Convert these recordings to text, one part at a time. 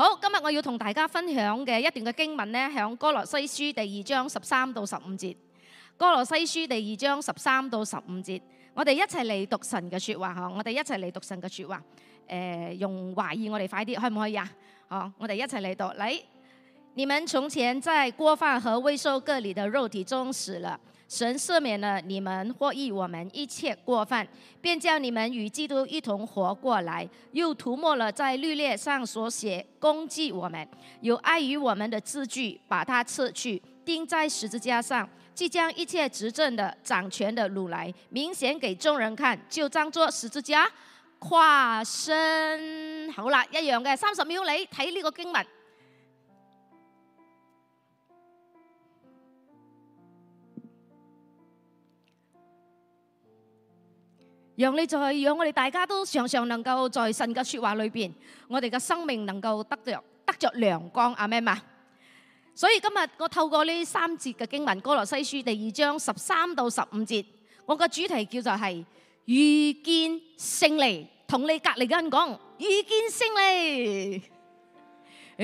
好，今日我要同大家分享嘅一段嘅經文咧，喺《哥羅西書》第二章十三到十五節，《哥羅西書》第二章十三到十五節，我哋一齊嚟讀神嘅說話嗬，我哋一齊嚟讀神嘅說話，誒、呃，用華語。我哋快啲，可唔可以啊？好，我哋一齊嚟讀，嚟，你們從前在過犯和未受割禮的肉體中死了。神赦免了你們，獲益我們一切過犯，便叫你們與基督一同活過來。又塗抹了在律例上所寫攻擊我們、有礙於我們的字句，把它撤去，釘在十字架上，既將一切執政的掌權的擄來，明顯給眾人看，就仗着十字架誇勝。好啦，一樣嘅，三十秒來睇呢個經文。讓你在讓我哋大家都常常能夠在神嘅說話裏邊，我哋嘅生命能夠得着得着亮光啊！阿們。所以今日我透過呢三節嘅經文《哥羅西書》第二章十三到十五節，我嘅主題叫做係遇見勝利，同你隔籬嘅人講遇見勝利。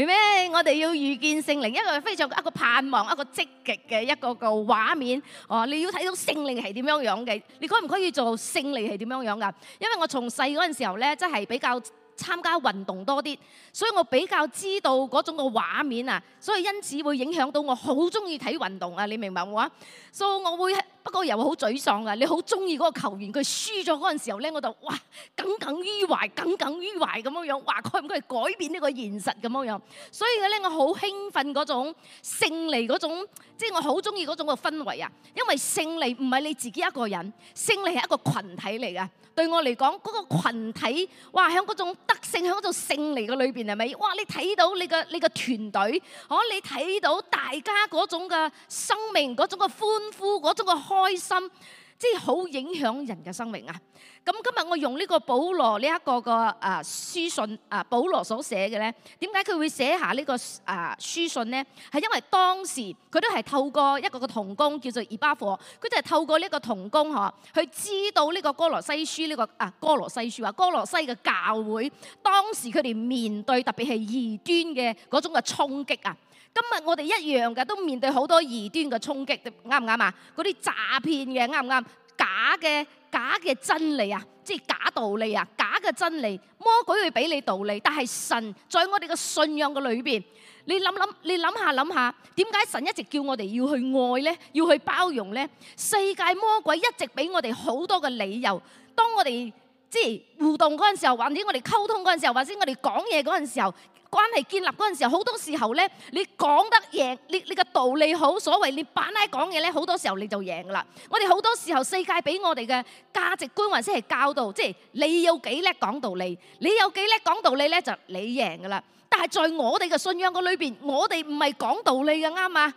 咩？我哋要遇見勝利。一個非常一個盼望，一個積極嘅一個一個畫面。哦、啊，你要睇到勝利係點樣樣嘅？你可唔可以做勝利係點樣樣噶？因為我從細嗰陣時候咧，即係比較參加運動多啲，所以我比較知道嗰種個畫面啊，所以因此會影響到我好中意睇運動啊！你明白冇啊？所、so, 以我會。不過又會好沮喪噶，你好中意嗰個球員，佢輸咗嗰陣時候咧，我就哇，耿耿於懷，耿耿於懷咁樣樣，哇，佢唔可以改變呢個現實咁樣樣？所以咧，我好興奮嗰種勝利嗰種，即係我好中意嗰種個氛圍啊！因為勝利唔係你自己一個人，勝利係一個群體嚟噶。對我嚟講，嗰個羣體哇，喺嗰種得勝，喺嗰種勝利嘅裏邊係咪？哇！你睇到你個你個團隊，可你睇到大家嗰種嘅生命，嗰種嘅歡呼，嗰種嘅開心即係好影響人嘅生命啊！咁今日我用呢個保羅呢一個個啊書信啊保羅所寫嘅咧，點解佢會寫下呢個啊書信咧？係因為當時佢都係透過一個同過個同工叫做以巴弗，佢就係透過呢個同工嗬，去知道呢個哥羅西書呢個啊哥羅西書啊，哥羅西嘅教會當時佢哋面對特別係異端嘅嗰種嘅衝擊啊！今日我哋一樣嘅，都面對好多異端嘅衝擊，啱唔啱啊？嗰啲詐騙嘅，啱唔啱？假嘅，假嘅真理啊，即係假道理啊，假嘅真理，魔鬼會俾你道理，但係神在我哋嘅信仰嘅裏邊，你諗諗，你諗下諗下，點解神一直叫我哋要去愛咧，要去包容咧？世界魔鬼一直俾我哋好多嘅理由，當我哋即係互動嗰陣時候，或者我哋溝通嗰陣時候，或者我哋講嘢嗰陣時候。關係建立嗰陣時候，好多時候咧，你講得贏，你你個道理好，所謂你擺喺講嘢咧，好多時候你就贏噶啦。我哋好多時候世界俾我哋嘅價值觀或者係教導，即係你有幾叻講道理，你有幾叻講道理咧，就你贏噶啦。但係在我哋嘅信仰個裏邊，我哋唔係講道理嘅，啱嘛？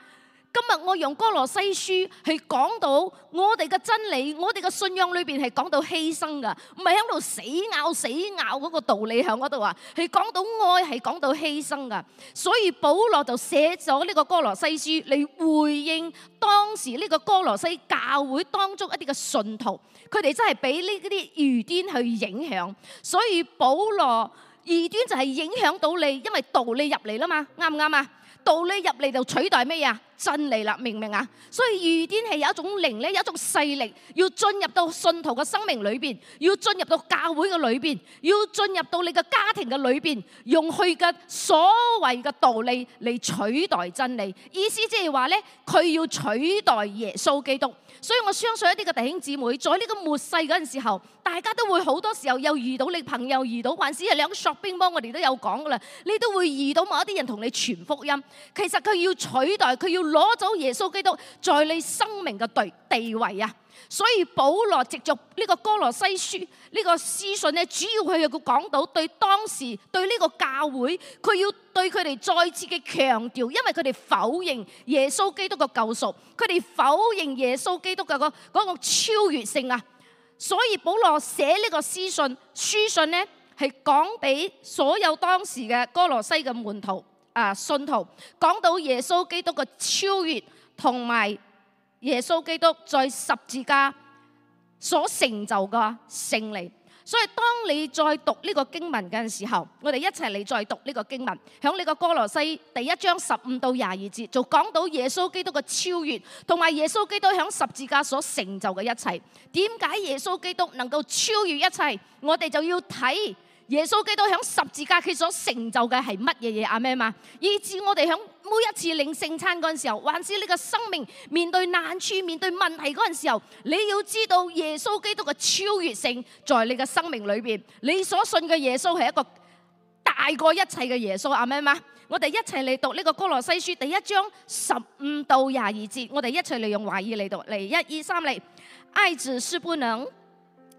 今日我用《哥羅西書》係講到我哋嘅真理，我哋嘅信仰裏邊係講到犧牲噶，唔係喺度死咬死咬嗰個道理喺嗰度啊。係講到愛，係講到犧牲噶。所以保羅就寫咗呢個《哥羅西書》嚟回應當時呢個哥羅西教會當中一啲嘅信徒，佢哋真係俾呢啲異端去影響。所以保羅異端就係影響到你，因為道理入嚟啦嘛，啱唔啱啊？道理入嚟就取代咩啊？真理啦，明唔明啊？所以異端係有一種靈咧，有一種勢力要進入到信徒嘅生命裏邊，要進入到教會嘅裏邊，要進入到你嘅家庭嘅裏邊，用佢嘅所謂嘅道理嚟取代真理。意思即係話咧，佢要取代耶穌基督。所以我相信一啲嘅弟兄姊妹，在呢個末世嗰陣時候，大家都會好多時候又遇到你朋友，遇到還是係喺 shopping mall 我哋都有講㗎啦，你都會遇到某一啲人同你傳福音。其實佢要取代，佢要。攞走耶穌基督在你生命嘅對地位啊！所以保羅藉著呢個哥羅西書呢個書信咧，主要佢又講到對當時對呢個教會，佢要對佢哋再次嘅強調，因為佢哋否認耶穌基督嘅救贖，佢哋否認耶穌基督嘅嗰嗰個超越性啊！所以保羅寫呢個書信書信咧，係講俾所有當時嘅哥羅西嘅門徒。啊！信徒講到耶穌基督嘅超越，同埋耶穌基督在十字架所成就嘅勝利。所以當你再讀呢個經文嘅時候，我哋一齊嚟，再讀呢個經文，喺呢個《歌羅西》第一章十五到廿二節，就講到耶穌基督嘅超越，同埋耶穌基督喺十字架所成就嘅一切。點解耶穌基督能夠超越一切？我哋就要睇。耶穌基督響十字架佢所成就嘅係乜嘢嘢啊？咩嘛？以至我哋響每一次領聖餐嗰陣時候，還是呢個生命面對難處、面對問題嗰陣時候，你要知道耶穌基督嘅超越性在你嘅生命裏邊。你所信嘅耶穌係一個大過一切嘅耶穌啊？咩嘛？Amen. 我哋一齊嚟讀呢個哥羅西書第一章十五到廿二節。我哋一齊嚟用華語嚟讀嚟，一、二、三嚟，愛子是不能。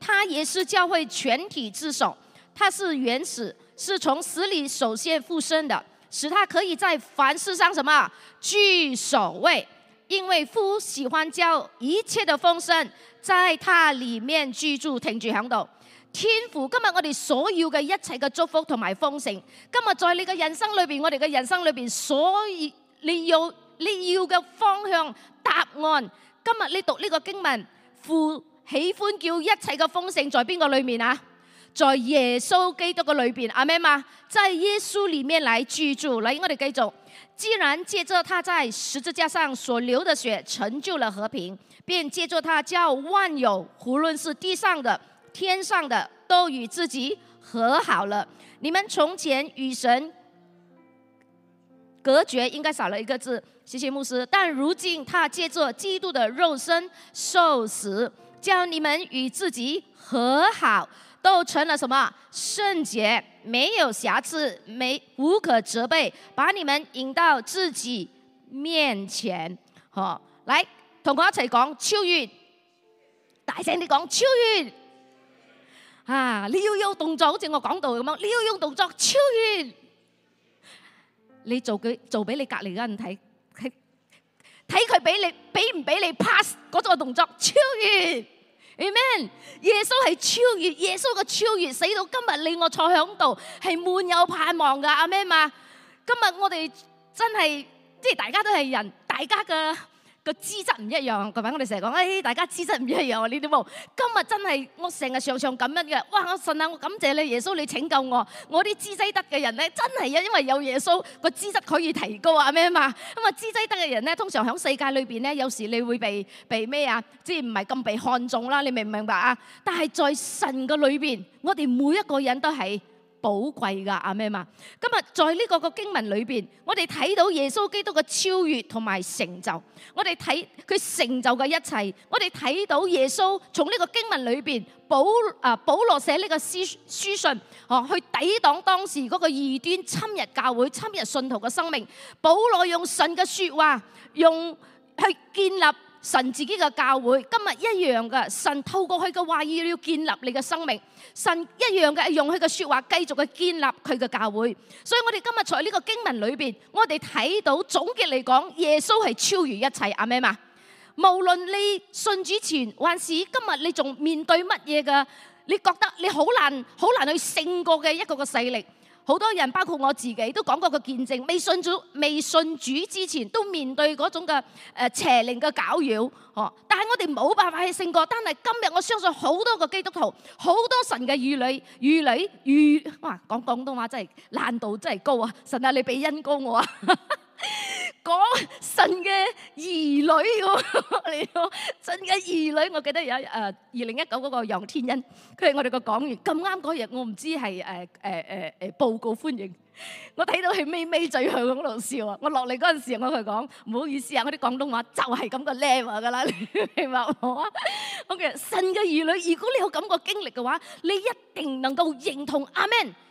他也是教會全體之首，他是原始，是從死裏首先復生的，使他可以在凡事上什麼居首位，因為父喜歡叫一切的豐盛在他裏面居住、停住、響度，天父今日我哋所有嘅一切嘅祝福同埋豐盛，今日在你嘅人生裏邊，我哋嘅人生裏邊，所以你有你要嘅方向、答案，今日你讀呢個經文，父喜歡叫一切嘅豐盛在邊個裏面啊？在耶穌基督嘅裏面阿咩嘛？在耶穌裡面嚟居住嚟。我哋繼續，既然借著他在十字架上所流的血成就了和平，便借著他叫萬有，無論是地上的、天上的，都與自己和好了。你們從前與神隔絕，應該少了一個字。謝謝牧師。但如今他借著基督的肉身受死。叫你們與自己和好，都成了什麼聖潔，沒有瑕疵，沒無可責備，把你們引到自己面前。好，哦，來同我一齊講，超越，大聲啲講，超越啊！你要有動作，好似我講到咁樣，你要有動作超越。你做佢，做俾你隔離嘅人睇。睇佢俾你，俾唔俾你 pass 嗰種動作，超越，amen。耶穌係超越，耶穌個超越，死到今日你我坐響度係滿有盼望噶，阿咩嘛？今日我哋真係即係大家都係人，大家㗎。個資質唔一樣，嗱，我哋成日講，誒，大家資質唔一樣呢啲冇。今日真係我成日常常咁樣嘅，哇！我信啊，我感謝你耶穌，你拯救我。我啲資質得嘅人咧，真係因因為有耶穌個資質可以提高啊咩嘛。咁啊，資質得嘅人咧，通常喺世界裏邊咧，有時你會被被咩啊，即係唔係咁被看中啦。你明唔明白啊？但係在神嘅裏邊，我哋每一個人都係寶貴噶阿咩嘛？今日在呢個個經文裏邊，我哋睇到耶穌基督嘅超越同埋成就。我哋睇佢成就嘅一切，我哋睇到耶穌從呢個經文裏邊，保啊，保羅寫呢個書書信，哦、啊、去抵擋當時嗰個異端侵入教會，侵入信徒嘅生命。保羅用神嘅說話，用去建立神自己嘅教會今日一樣嘅，神透過佢嘅話語要建立你嘅生命，神一樣嘅用佢嘅說話繼續去建立佢嘅教會。所以我哋今日在呢個經文裏邊，我哋睇到總結嚟講，耶穌係超越一切阿咩嘛。無論你信主前還是今日你仲面對乜嘢嘅，你覺得你好難好難去勝過嘅一個嘅勢力。好多人包括我自己都講過個見證，未信主、未信主之前都面對嗰種嘅誒、呃、邪靈嘅攪擾，哦！但係我哋冇辦法去勝過。但係今日我相信好多個基督徒，好多神嘅兒女、兒女、兒，哇！講廣東話真係難度真係高啊！神啊，你俾恩膏我啊！哈哈。講神嘅兒女我嚟講，神嘅兒女，我記得有誒二零一九嗰個楊天恩，佢係我哋個講員。咁啱嗰日，我唔知係誒誒誒誒報告歡迎，我睇到佢眯眯嘴向嗰度笑啊！我落嚟嗰陣時我，我同佢講：唔好意思啊，我啲廣東話就係咁個 level 㗎啦，你明白我啊？咁、okay，嘅神嘅兒女，如果你有咁個經歷嘅話，你一定能夠認同。阿門。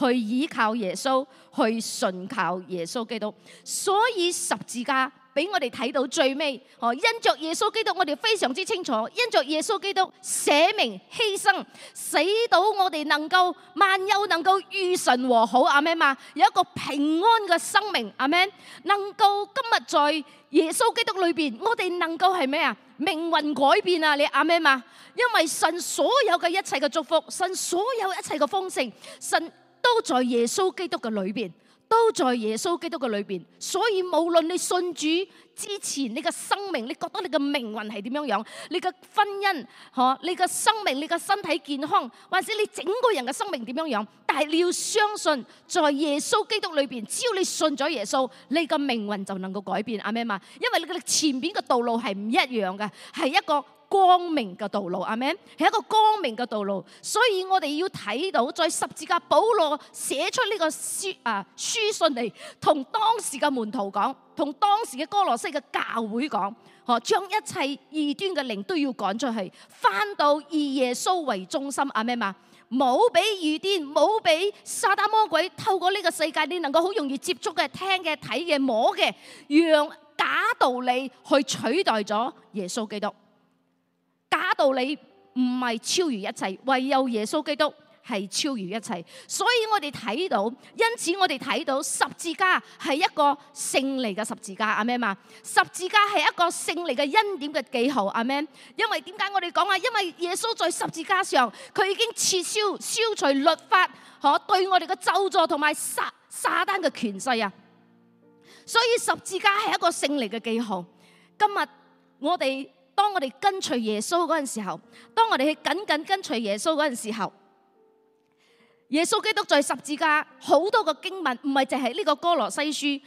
去倚靠耶穌，去信靠耶穌基督，所以十字架俾我哋睇到最尾哦。因着耶穌基督，我哋非常之清楚。因着耶穌基督捨命犧牲，死到我哋能夠萬有能夠與神和好，Amen 嘛？有一個平安嘅生命，Amen？能夠今日在耶穌基督裏邊，我哋能夠係咩啊？命運改變啊！你 Amen 嘛？因為神所有嘅一切嘅祝福，神所有一切嘅豐盛，神。都在耶穌基督嘅裏邊，都在耶穌基督嘅裏邊，所以無論你信主之前，你嘅生命，你覺得你嘅命運係點樣樣，你嘅婚姻，嗬，你嘅生命，你嘅身體健康，或者你整個人嘅生命點樣樣，但係你要相信，在耶穌基督裏邊，只要你信咗耶穌，你嘅命運就能夠改變，阿咩嘛，因為你嘅前邊嘅道路係唔一樣嘅，係一個。光明嘅道路，阿 Man，係一個光明嘅道路，所以我哋要睇到，在十字架保羅寫出呢個書啊書信嚟，同當時嘅門徒講，同當時嘅哥羅西嘅教會講，嗬，將一切異端嘅靈都要趕出去，翻到以耶穌為中心，啊咩嘛，冇俾異端，冇俾撒旦魔鬼透過呢個世界，你能夠好容易接觸嘅、聽嘅、睇嘅、摸嘅，讓假道理去取代咗耶穌基督。假道理唔係超越一切，唯有耶穌基督係超越一切。所以我哋睇到，因此我哋睇到十字架係一個勝利嘅十字架，阿咩嘛？十字架係一個勝利嘅恩典嘅記號，阿咩？因為點解我哋講啊？因為耶穌在十字架上，佢已經撤銷消除律法，可對我哋嘅咒詛同埋撒撒旦嘅權勢啊！所以十字架係一個勝利嘅記號。今日我哋。當我哋跟隨耶穌嗰陣時候，當我哋去緊緊跟隨耶穌嗰陣時候，耶穌基督在十字架，好多個經文唔係淨係呢個歌羅西書，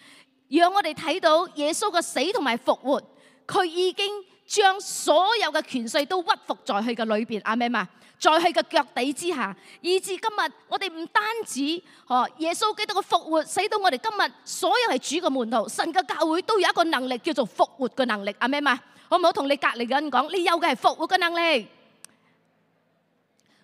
讓我哋睇到耶穌嘅死同埋復活，佢已經將所有嘅權勢都屈服在佢嘅裏邊，阿們嘛？在佢嘅腳底之下，以至今日我哋唔單止哦，耶穌基督嘅復活，使到我哋今日所有係主嘅門徒，神嘅教會都有一個能力叫做復活嘅能力，阿們嘛？我冇同你隔籬嘅人講，你有嘅係復活嘅能力，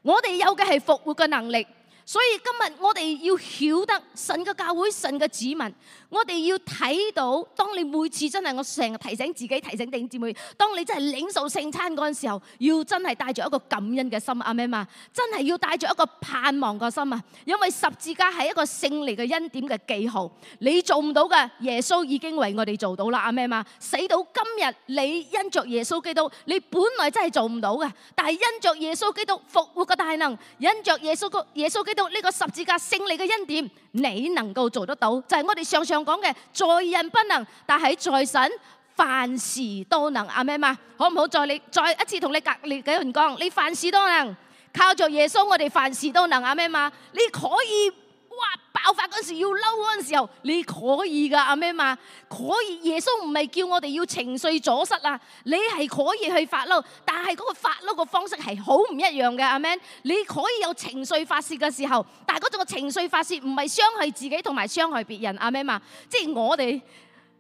我哋有嘅係復活嘅能力，所以今日我哋要曉得神嘅教會、神嘅子民。我哋要睇到，當你每次真係我成日提醒自己、提醒弟兄姊妹，當你真係領受聖餐嗰陣時候，要真係帶著一個感恩嘅心啊，咩嘛？真係要帶著一個盼望個心啊，因為十字架係一個勝利嘅恩典嘅記號。你做唔到嘅，耶穌已經為我哋做到啦，阿咩嘛？死到今日，你因著耶穌基督，你本來真係做唔到嘅，但係因著耶穌基督復活嘅大能，因著耶穌個耶穌基督呢個十字架勝利嘅恩典，你能夠做得到，就係我哋上上。講嘅在人不能，但係在神凡事都能啊咩嘛？好唔好？可唔可以再你再一次同你隔籬嘅人講，你凡事都能，靠住耶穌我，我哋凡事都能啊咩嘛？你可以。哇！爆發嗰時要嬲嗰陣時候，你可以㗎阿咩嘛？可以耶穌唔係叫我哋要情緒阻塞啊？你係可以去發嬲，但係嗰個發嬲嘅方式係好唔一樣嘅阿咩？Amen? 你可以有情緒發泄嘅時候，但係嗰種嘅情緒發泄唔係傷害自己同埋傷害別人阿咩嘛？即係、就是、我哋，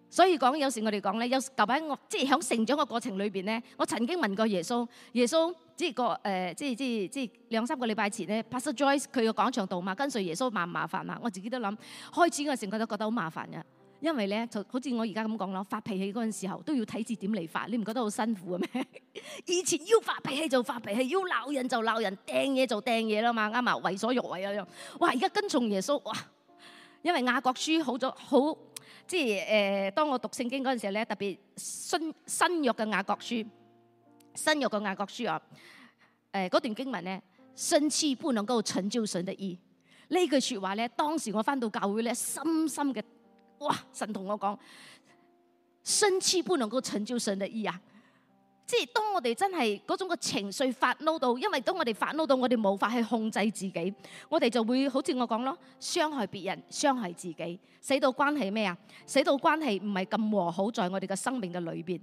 所以講有時我哋講咧，有舊排我即係響成長嘅過程裏邊咧，我曾經問過耶穌，耶穌。即係個誒，即係即係即係兩三個禮拜前咧，Pastor Joyce 佢個講場道嘛，跟隨耶穌麻唔麻煩嘛？我自己都諗開始嗰陣時，我都覺得好麻煩嘅，因為咧就好似我而家咁講咯，發脾氣嗰陣時候都要睇住點嚟發，你唔覺得好辛苦嘅咩？以前要發脾氣就發脾氣，要鬧人就鬧人，掟嘢就掟嘢啦嘛，啱埋為所欲為嗰種。哇！而家跟從耶穌哇，因為雅各書好咗好，即係誒，當我讀聖經嗰陣時咧，特別新新約嘅雅各書。新約嘅雅各書啊，誒，嗰段經文咧，生氣不能夠成就神的意。這句呢句說話咧，當時我返到教會咧，深深嘅，哇！神同我講，生氣不能夠成就神的意啊！即係當我哋真係嗰種嘅情緒發嬲到，因為當我哋發嬲到，我哋無法去控制自己，我哋就會好似我講咯，傷害別人，傷害自己，使到關係咩啊？使到關係唔係咁和好，在我哋嘅生命嘅裏邊。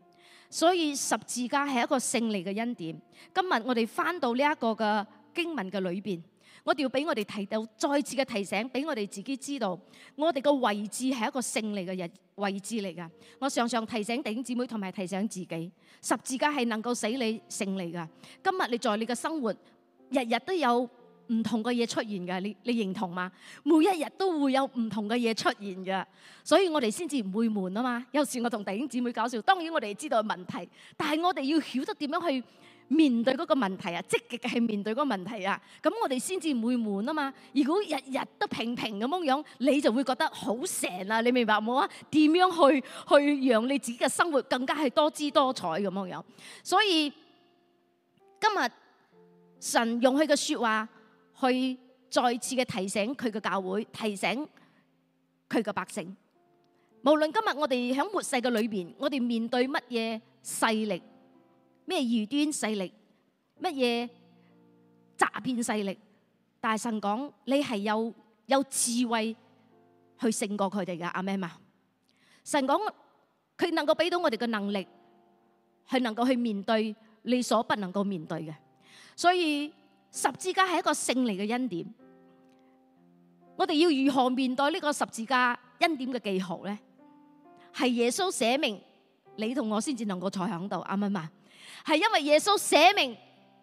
所以十字架係一個勝利嘅恩典。今日我哋翻到呢一個嘅經文嘅裏邊，我哋要俾我哋提到再次嘅提醒，俾我哋自己知道，我哋嘅位置係一個勝利嘅人位置嚟㗎。我常常提醒弟兄姊妹同埋提醒自己，十字架係能夠使你勝利㗎。今日你在你嘅生活，日日都有。唔同嘅嘢出現嘅，你你認同嘛？每一日都會有唔同嘅嘢出現嘅，所以我哋先至唔會悶啊嘛。有時我同弟兄姊妹搞笑，當然我哋知道問題，但係我哋要曉得點樣去面對嗰個問題啊，積極嘅去面對嗰個問題啊，咁我哋先至唔會悶啊嘛。如果日日都平平咁樣樣，你就會覺得好成啦，你明白冇啊？點樣去去讓你自己嘅生活更加係多姿多彩咁樣樣？所以今日神用佢嘅說話。去再次嘅提醒佢嘅教會，提醒佢嘅百姓。無論今日我哋響末世嘅裏邊，我哋面對乜嘢勢力，咩異端勢力，乜嘢詐騙勢力，大神講你係有有智慧去勝過佢哋嘅阿媽嘛？神講佢能夠俾到我哋嘅能力，係能夠去面對你所不能夠面對嘅，所以。十字架係一個勝利嘅恩典，我哋要如何面對呢個十字架恩典嘅記號咧？係耶穌寫明，你同我先至能夠坐喺度，啱唔啱？係因為耶穌寫明，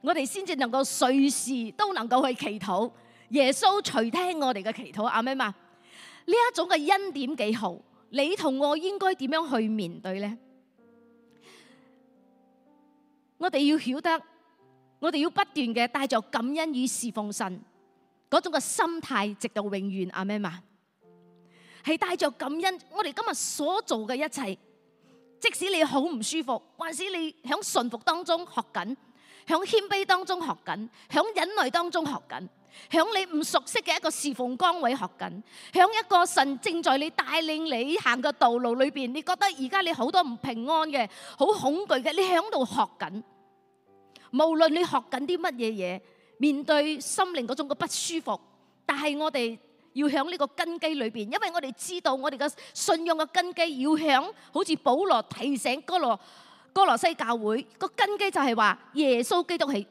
我哋先至能夠隨時都能夠去祈禱，耶穌垂聽我哋嘅祈禱，啱唔啱？呢一種嘅恩典記號，你同我應該點樣去面對咧？我哋要曉得。我哋要不斷嘅帶着感恩與侍奉神嗰種嘅心態，直到永遠。阿們嘛，係帶着感恩，我哋今日所做嘅一切，即使你好唔舒服，還是你響順服當中學緊，響謙卑當中學緊，響忍耐當中學緊，響你唔熟悉嘅一個侍奉崗位學緊，響一個神正在你帶領你行嘅道路裏邊，你覺得而家你好多唔平安嘅，好恐懼嘅，你響度學緊。無論你學緊啲乜嘢嘢，面對心靈嗰種嘅不舒服，但係我哋要響呢個根基裏邊，因為我哋知道我哋嘅信仰嘅根基要響好似保羅提醒哥羅哥羅西教會個根基就係話耶穌基督起。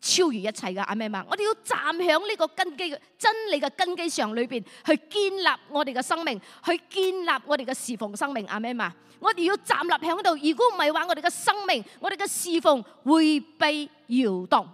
超越一切嘅阿們嘛，我哋要站喺呢個根基嘅真理嘅根基上裏邊，去建立我哋嘅生命，去建立我哋嘅侍奉生命。阿們嘛，我哋要站立喺度。如果唔係話，我哋嘅生命，我哋嘅侍奉會被搖動。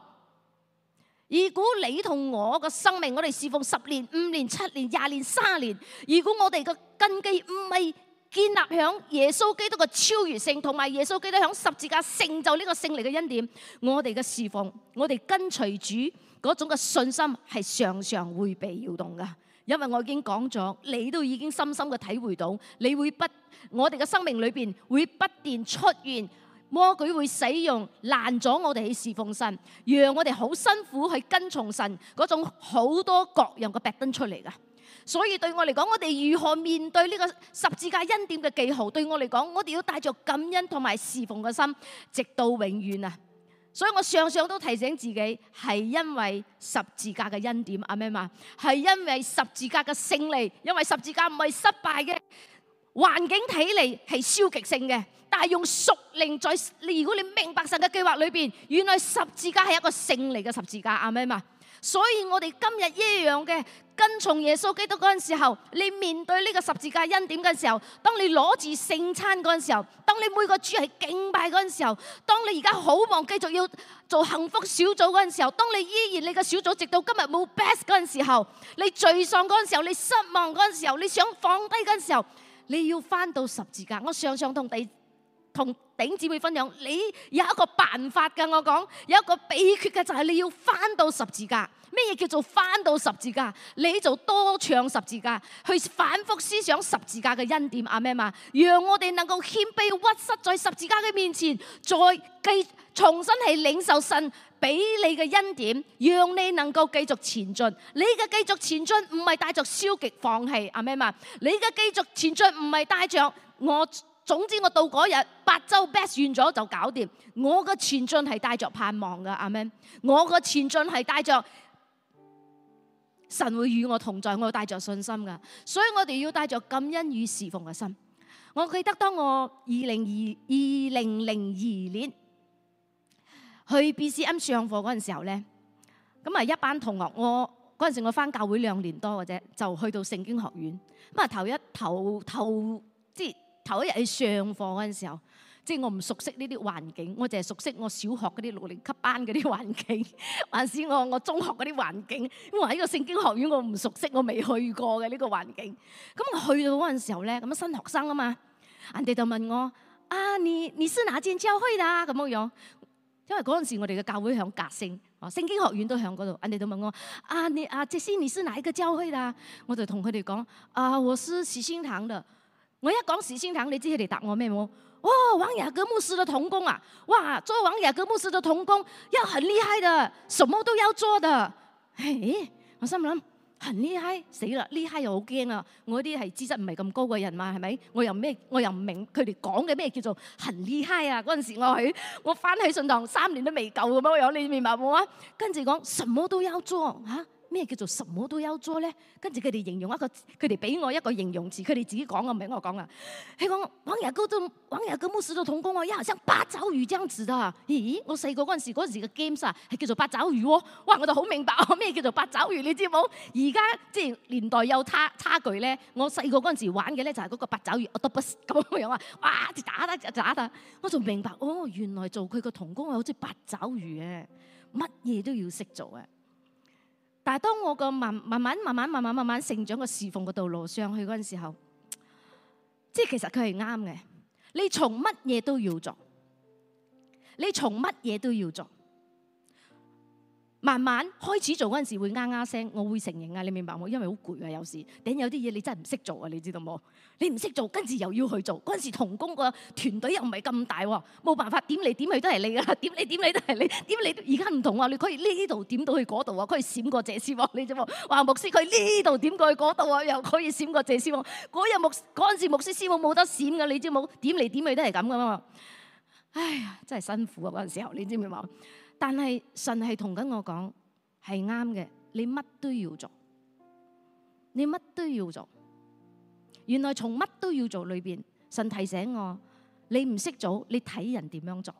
如果你同我嘅生命，我哋侍奉十年、五年、七年、廿年、三十年，如果我哋嘅根基唔係。建立響耶穌基督嘅超越性，同埋耶穌基督響十字架成就呢個勝利嘅恩典，我哋嘅侍奉，我哋跟隨主嗰種嘅信心係常常會被搖動噶，因為我已經講咗，你都已經深深嘅體會到，你會不，我哋嘅生命裏邊會不斷出現魔鬼會使用爛咗我哋去侍奉神，讓我哋好辛苦去跟從神嗰種好多各樣嘅白燈出嚟噶。所以對我嚟講，我哋如何面對呢個十字架恩典嘅記號？對我嚟講，我哋要帶着感恩同埋侍奉嘅心，直到永遠啊！所以我常常都提醒自己，係因為十字架嘅恩典，阿咩嘛，係因為十字架嘅勝利，因為十字架唔係失敗嘅。環境睇嚟係消極性嘅，但係用屬靈在，如果你明白神嘅計劃裏邊，原來十字架係一個勝利嘅十字架，阿咩嘛。所以我哋今日一樣嘅。跟從耶穌基督嗰陣時候，你面對呢個十字架恩典嘅時候，當你攞住聖餐嗰陣時候，當你每個主日敬拜嗰陣時候，當你而家好忙繼續要做幸福小組嗰陣時候，當你依然你個小組直到今日冇 best 嗰陣時候，你沮喪嗰陣時候，你失望嗰陣時候，你想放低嗰陣時候，你要翻到十字架。我常常同第同頂姊妹分享，你有一個辦法㗎，我講有一個秘訣嘅就係你要翻到十字架。咩嘢叫做翻到十字架？你就多唱十字架，去反覆思想十字架嘅恩典，阿咩嘛，讓我哋能夠謙卑屈膝在十字架嘅面前，再繼重新嚟領受神俾你嘅恩典，讓你能夠繼續前進。你嘅繼續前進唔係帶着消極放棄，阿咩嘛，你嘅繼續前進唔係帶着我，總之我到嗰日八周 best 完咗就搞掂。我嘅前進係帶着盼望嘅，阿咩，我嘅前進係帶着。神會與我同在，我會帶着信心噶，所以我哋要帶着感恩與侍奉嘅心。我記得當我二零二二零零二年去 B C M 上課嗰陣時候咧，咁啊一班同學，我嗰陣時我翻教會兩年多嘅，就去到聖經學院。咁啊頭一頭頭即係頭一日去上課嗰陣時候。即係我唔熟悉呢啲環境，我淨係熟悉我小學嗰啲六年級班嗰啲環境，還是我我中學嗰啲環境。因為喺個聖經學院，我唔熟悉，我未去過嘅呢、這個環境。咁我去到嗰陣時候咧，咁新學生啊嘛，人哋就問我啊，你你是哪間教會啦？咁樣樣，因為嗰陣時我哋嘅教會響隔聖聖經學院都響嗰度，人哋就問我啊，你啊，謝師你是哪一個教會的？我就同佢哋講啊，我是時先堂的。我一講時先堂，你知佢哋答我咩冇？哦，王雅各牧師的同工啊，哇，做王雅各牧師的同工要很厲害的，什麼都要做的。誒，我心諗很厲害，死啦，厲害又好驚啊！我啲係資質唔係咁高嘅人嘛，係咪？我又唔明，我又唔明佢哋講嘅咩叫做很厲害啊！嗰陣時我喺，我翻喺信堂三年都未夠咁樣樣，你明白冇啊？跟住講，什麼都要做，啊咩叫做什麼都有做咧？跟住佢哋形容一個，佢哋俾我一個形容詞，佢哋自己講嘅，唔係我講啦。佢講往日高度，往日嗰冇少到童工啊，一生八爪魚樣子啊！咦？我細個嗰陣時嗰時嘅 game 啊，係叫做八爪魚喎、哦。哇！我就好明白哦，咩叫做八爪魚？你知冇？而家即係年代有差差距咧。我細個嗰陣時玩嘅咧就係嗰個八爪魚我都不 b 咁樣啊！哇！打打打打，打，打，我仲明白哦，原來做佢個童工啊，好似八爪魚啊，乜嘢都要識做啊！但係當我個慢慢慢慢慢慢慢慢成長嘅侍奉嘅道路上去嗰陣時候，即係其實佢係啱嘅。你從乜嘢都要做，你從乜嘢都要做。慢慢開始做嗰陣時候會啱啱聲，我會承認啊，你明白冇？因為好攰啊，有時，頂有啲嘢你真係唔識做啊，你知道冇？你唔識做，跟住又要去做，嗰陣時同工個團隊又唔係咁大喎，冇辦法，點嚟點去都係你噶啦，點你點你都係你。點你而家唔同喎，你可以呢度點到去嗰度啊，可以閃過謝師母你知冇？話，牧師佢呢度點到去嗰度啊，又可以閃過謝師母。嗰日牧嗰陣時牧師師母冇得閃噶，你知冇？點嚟點去都係咁噶嘛。唉，真係辛苦啊嗰陣時候，你知唔知嘛？但係神係同緊我講，係啱嘅，你乜都要做，你乜都要做。原來從乜都要做裏邊，神提醒我你唔識做，你睇人點樣做。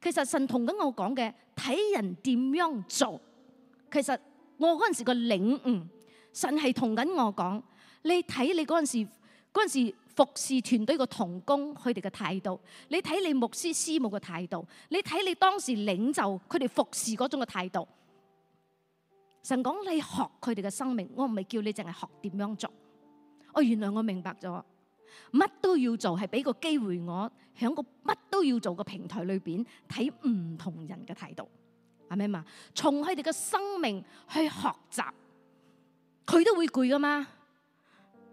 其實神同緊我講嘅，睇人點樣做，其實我嗰陣時個領悟，神係同緊我講，你睇你嗰陣時陣時，服侍團隊個同工，佢哋嘅態度，你睇你牧師師母嘅態度，你睇你當時領袖佢哋服侍嗰種嘅態度。神講你學佢哋嘅生命，我唔係叫你淨係學點樣做。哦，原來我明白咗，乜都要做係俾個機會我，喺個乜都要做嘅平台裏邊睇唔同人嘅態度，阿媽嘛，從佢哋嘅生命去學習，佢都會攰㗎嘛。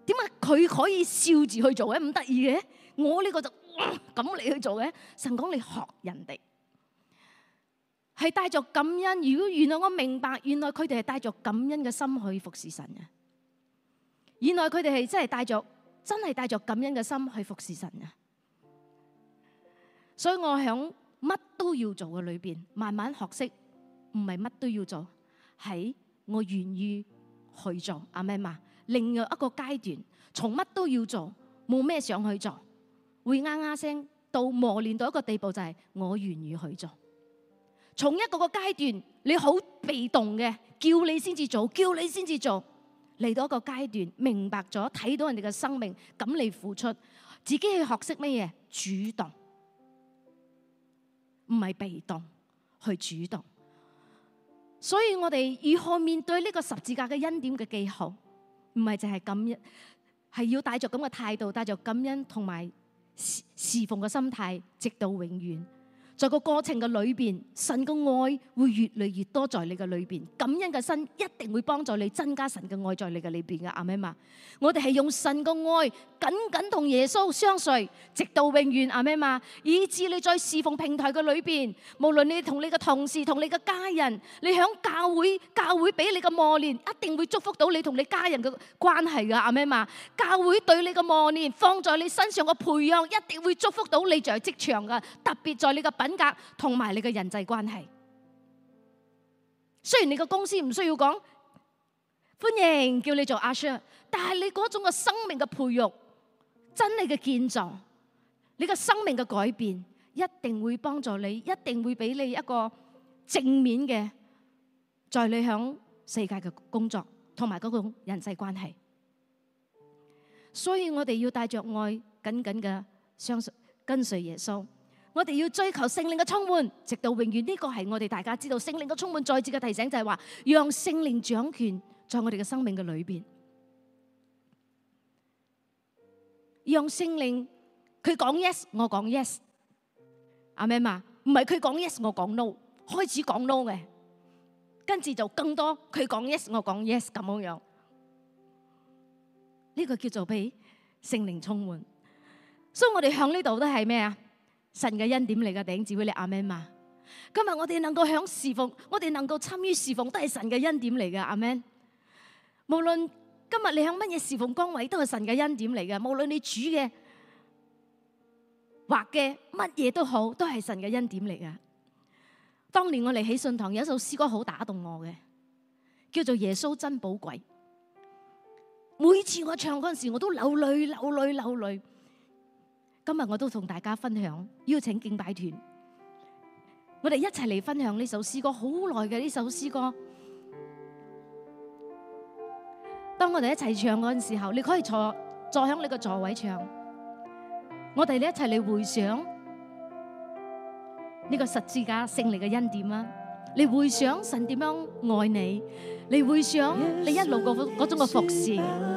點解佢可以笑住去做嘅唔得意嘅？我呢個就咁嚟、呃、去做嘅？神講你學人哋，係帶着感恩。如果原來我明白，原來佢哋係帶着感恩嘅心去服侍神嘅。原來佢哋係真係帶着真係帶着感恩嘅心去服侍神嘅。所以我響乜都要做嘅裏邊，慢慢學識唔係乜都要做，係我願意去做。阿咩嘛。另外一個階段，從乜都要做，冇咩想去做，會啱啱聲到磨練到一個地步，就係我願意去做。從一個個階段，你好被動嘅，叫你先至做，叫你先至做，嚟到一個階段，明白咗，睇到人哋嘅生命，咁你付出，自己去學識乜嘢主動，唔係被動，去主動。所以我哋如何面對呢個十字架嘅恩典嘅記號？唔係就係感恩，係要帶著咁嘅態度，帶著感恩同埋侍侍奉嘅心態，直到永遠。在個過程嘅裏邊，神嘅愛會越嚟越多在你嘅裏邊，感恩嘅心一定會幫助你增加神嘅愛在你嘅裏邊嘅。阿們嘛，我哋係用神嘅愛緊緊同耶穌相隨，直到永遠。阿們嘛，以致你在侍奉平台嘅裏邊，無論你同你嘅同事、同你嘅家人，你響教會教會俾你嘅磨練，一定會祝福到你同你家人嘅關係嘅。阿們嘛，教會對你嘅磨練放在你身上嘅培養，一定會祝福到你在職場嘅，特別在你嘅品。品格同埋你嘅人際關係，雖然你個公司唔需要講歡迎叫你做阿 Sir，但係你嗰種嘅生命嘅培育，真理嘅建造，你嘅生命嘅改變，一定會幫助你，一定會俾你一個正面嘅，在你響世界嘅工作同埋嗰種人際關係。所以我哋要帶着愛，緊緊嘅相信跟隨耶穌。我哋要追求聖靈嘅充滿，直到永遠。呢個係我哋大家知道，聖靈嘅充滿再次嘅提醒就係話，讓聖靈掌權在我哋嘅生命嘅裏邊，讓聖靈佢講 yes，我講 yes，阿媽咪，唔係佢講 yes，我講 no，開始講 no 嘅，跟住就更多佢講 yes，我講 yes 咁樣樣，呢個叫做俾聖靈充滿。所以我哋響呢度都係咩啊？神嘅恩典嚟噶頂子會你阿 man 嘛。今日我哋能夠向侍奉，我哋能夠參與侍奉，都係神嘅恩典嚟噶。阿 man，無論今日你向乜嘢侍奉崗位，都係神嘅恩典嚟噶。無論你煮嘅、畫嘅、乜嘢都好，都係神嘅恩典嚟噶。當年我嚟喜信堂有一首詩歌好打動我嘅，叫做《耶穌真寶貴》。每次我唱嗰陣時，我都流淚、流淚、流淚。今日我都同大家分享，邀請敬拜團，我哋一齊嚟分享呢首詩歌，好耐嘅呢首詩歌。當我哋一齊唱嗰陣時候，你可以坐坐響你個座位唱。我哋呢一齊嚟回想呢個十字架勝利嘅恩典啊！你回想神點樣愛你，你回想你一路嗰嗰種嘅服侍。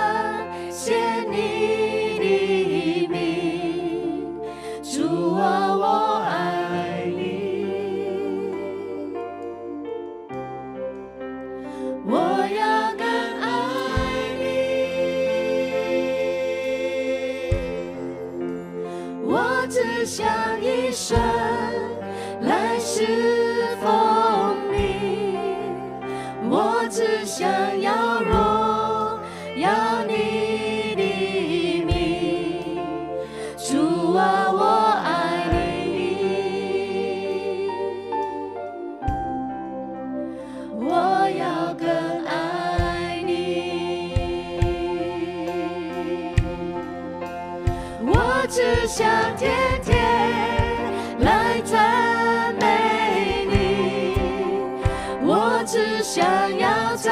想要走。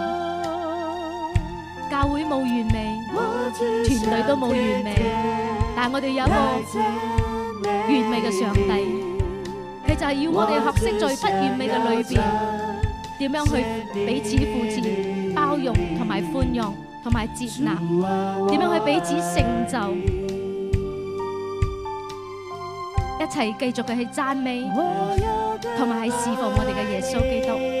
團隊都冇完美，但係我哋有一個完美嘅上帝，佢就係要我哋學識在不完美嘅裏邊，點樣去彼此扶持、包容同埋寬容同埋接納，點樣去彼此成就，一齊繼續嘅去讚美，同埋喺侍奉我哋嘅耶穌基督。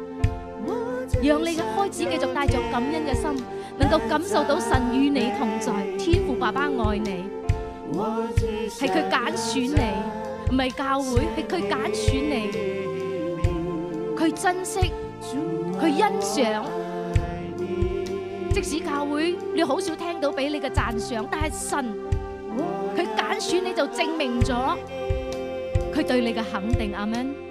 讓你嘅開始繼續帶着感恩嘅心，能夠感受到神與你同在，天父爸爸愛你，係佢揀選你，唔係教會，係佢揀選你，佢珍惜，佢欣賞，欣賞即使教會你好少聽到俾你嘅讚賞，但係神佢揀選，選你就證明咗佢對你嘅肯定，阿們。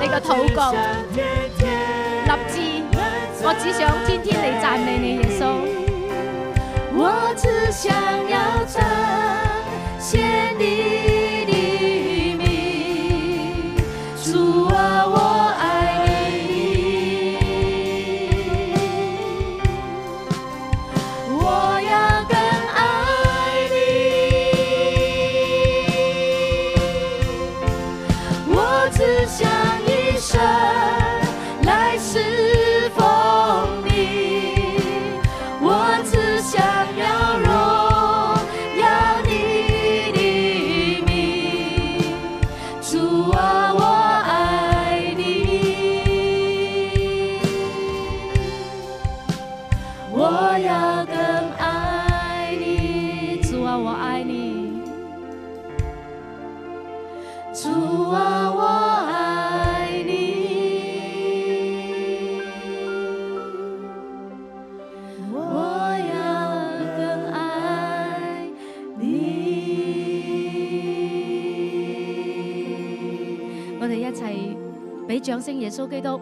你個禱告，立志，我只想天天嚟讚美你，耶穌。我只想要俾掌聲耶穌基督，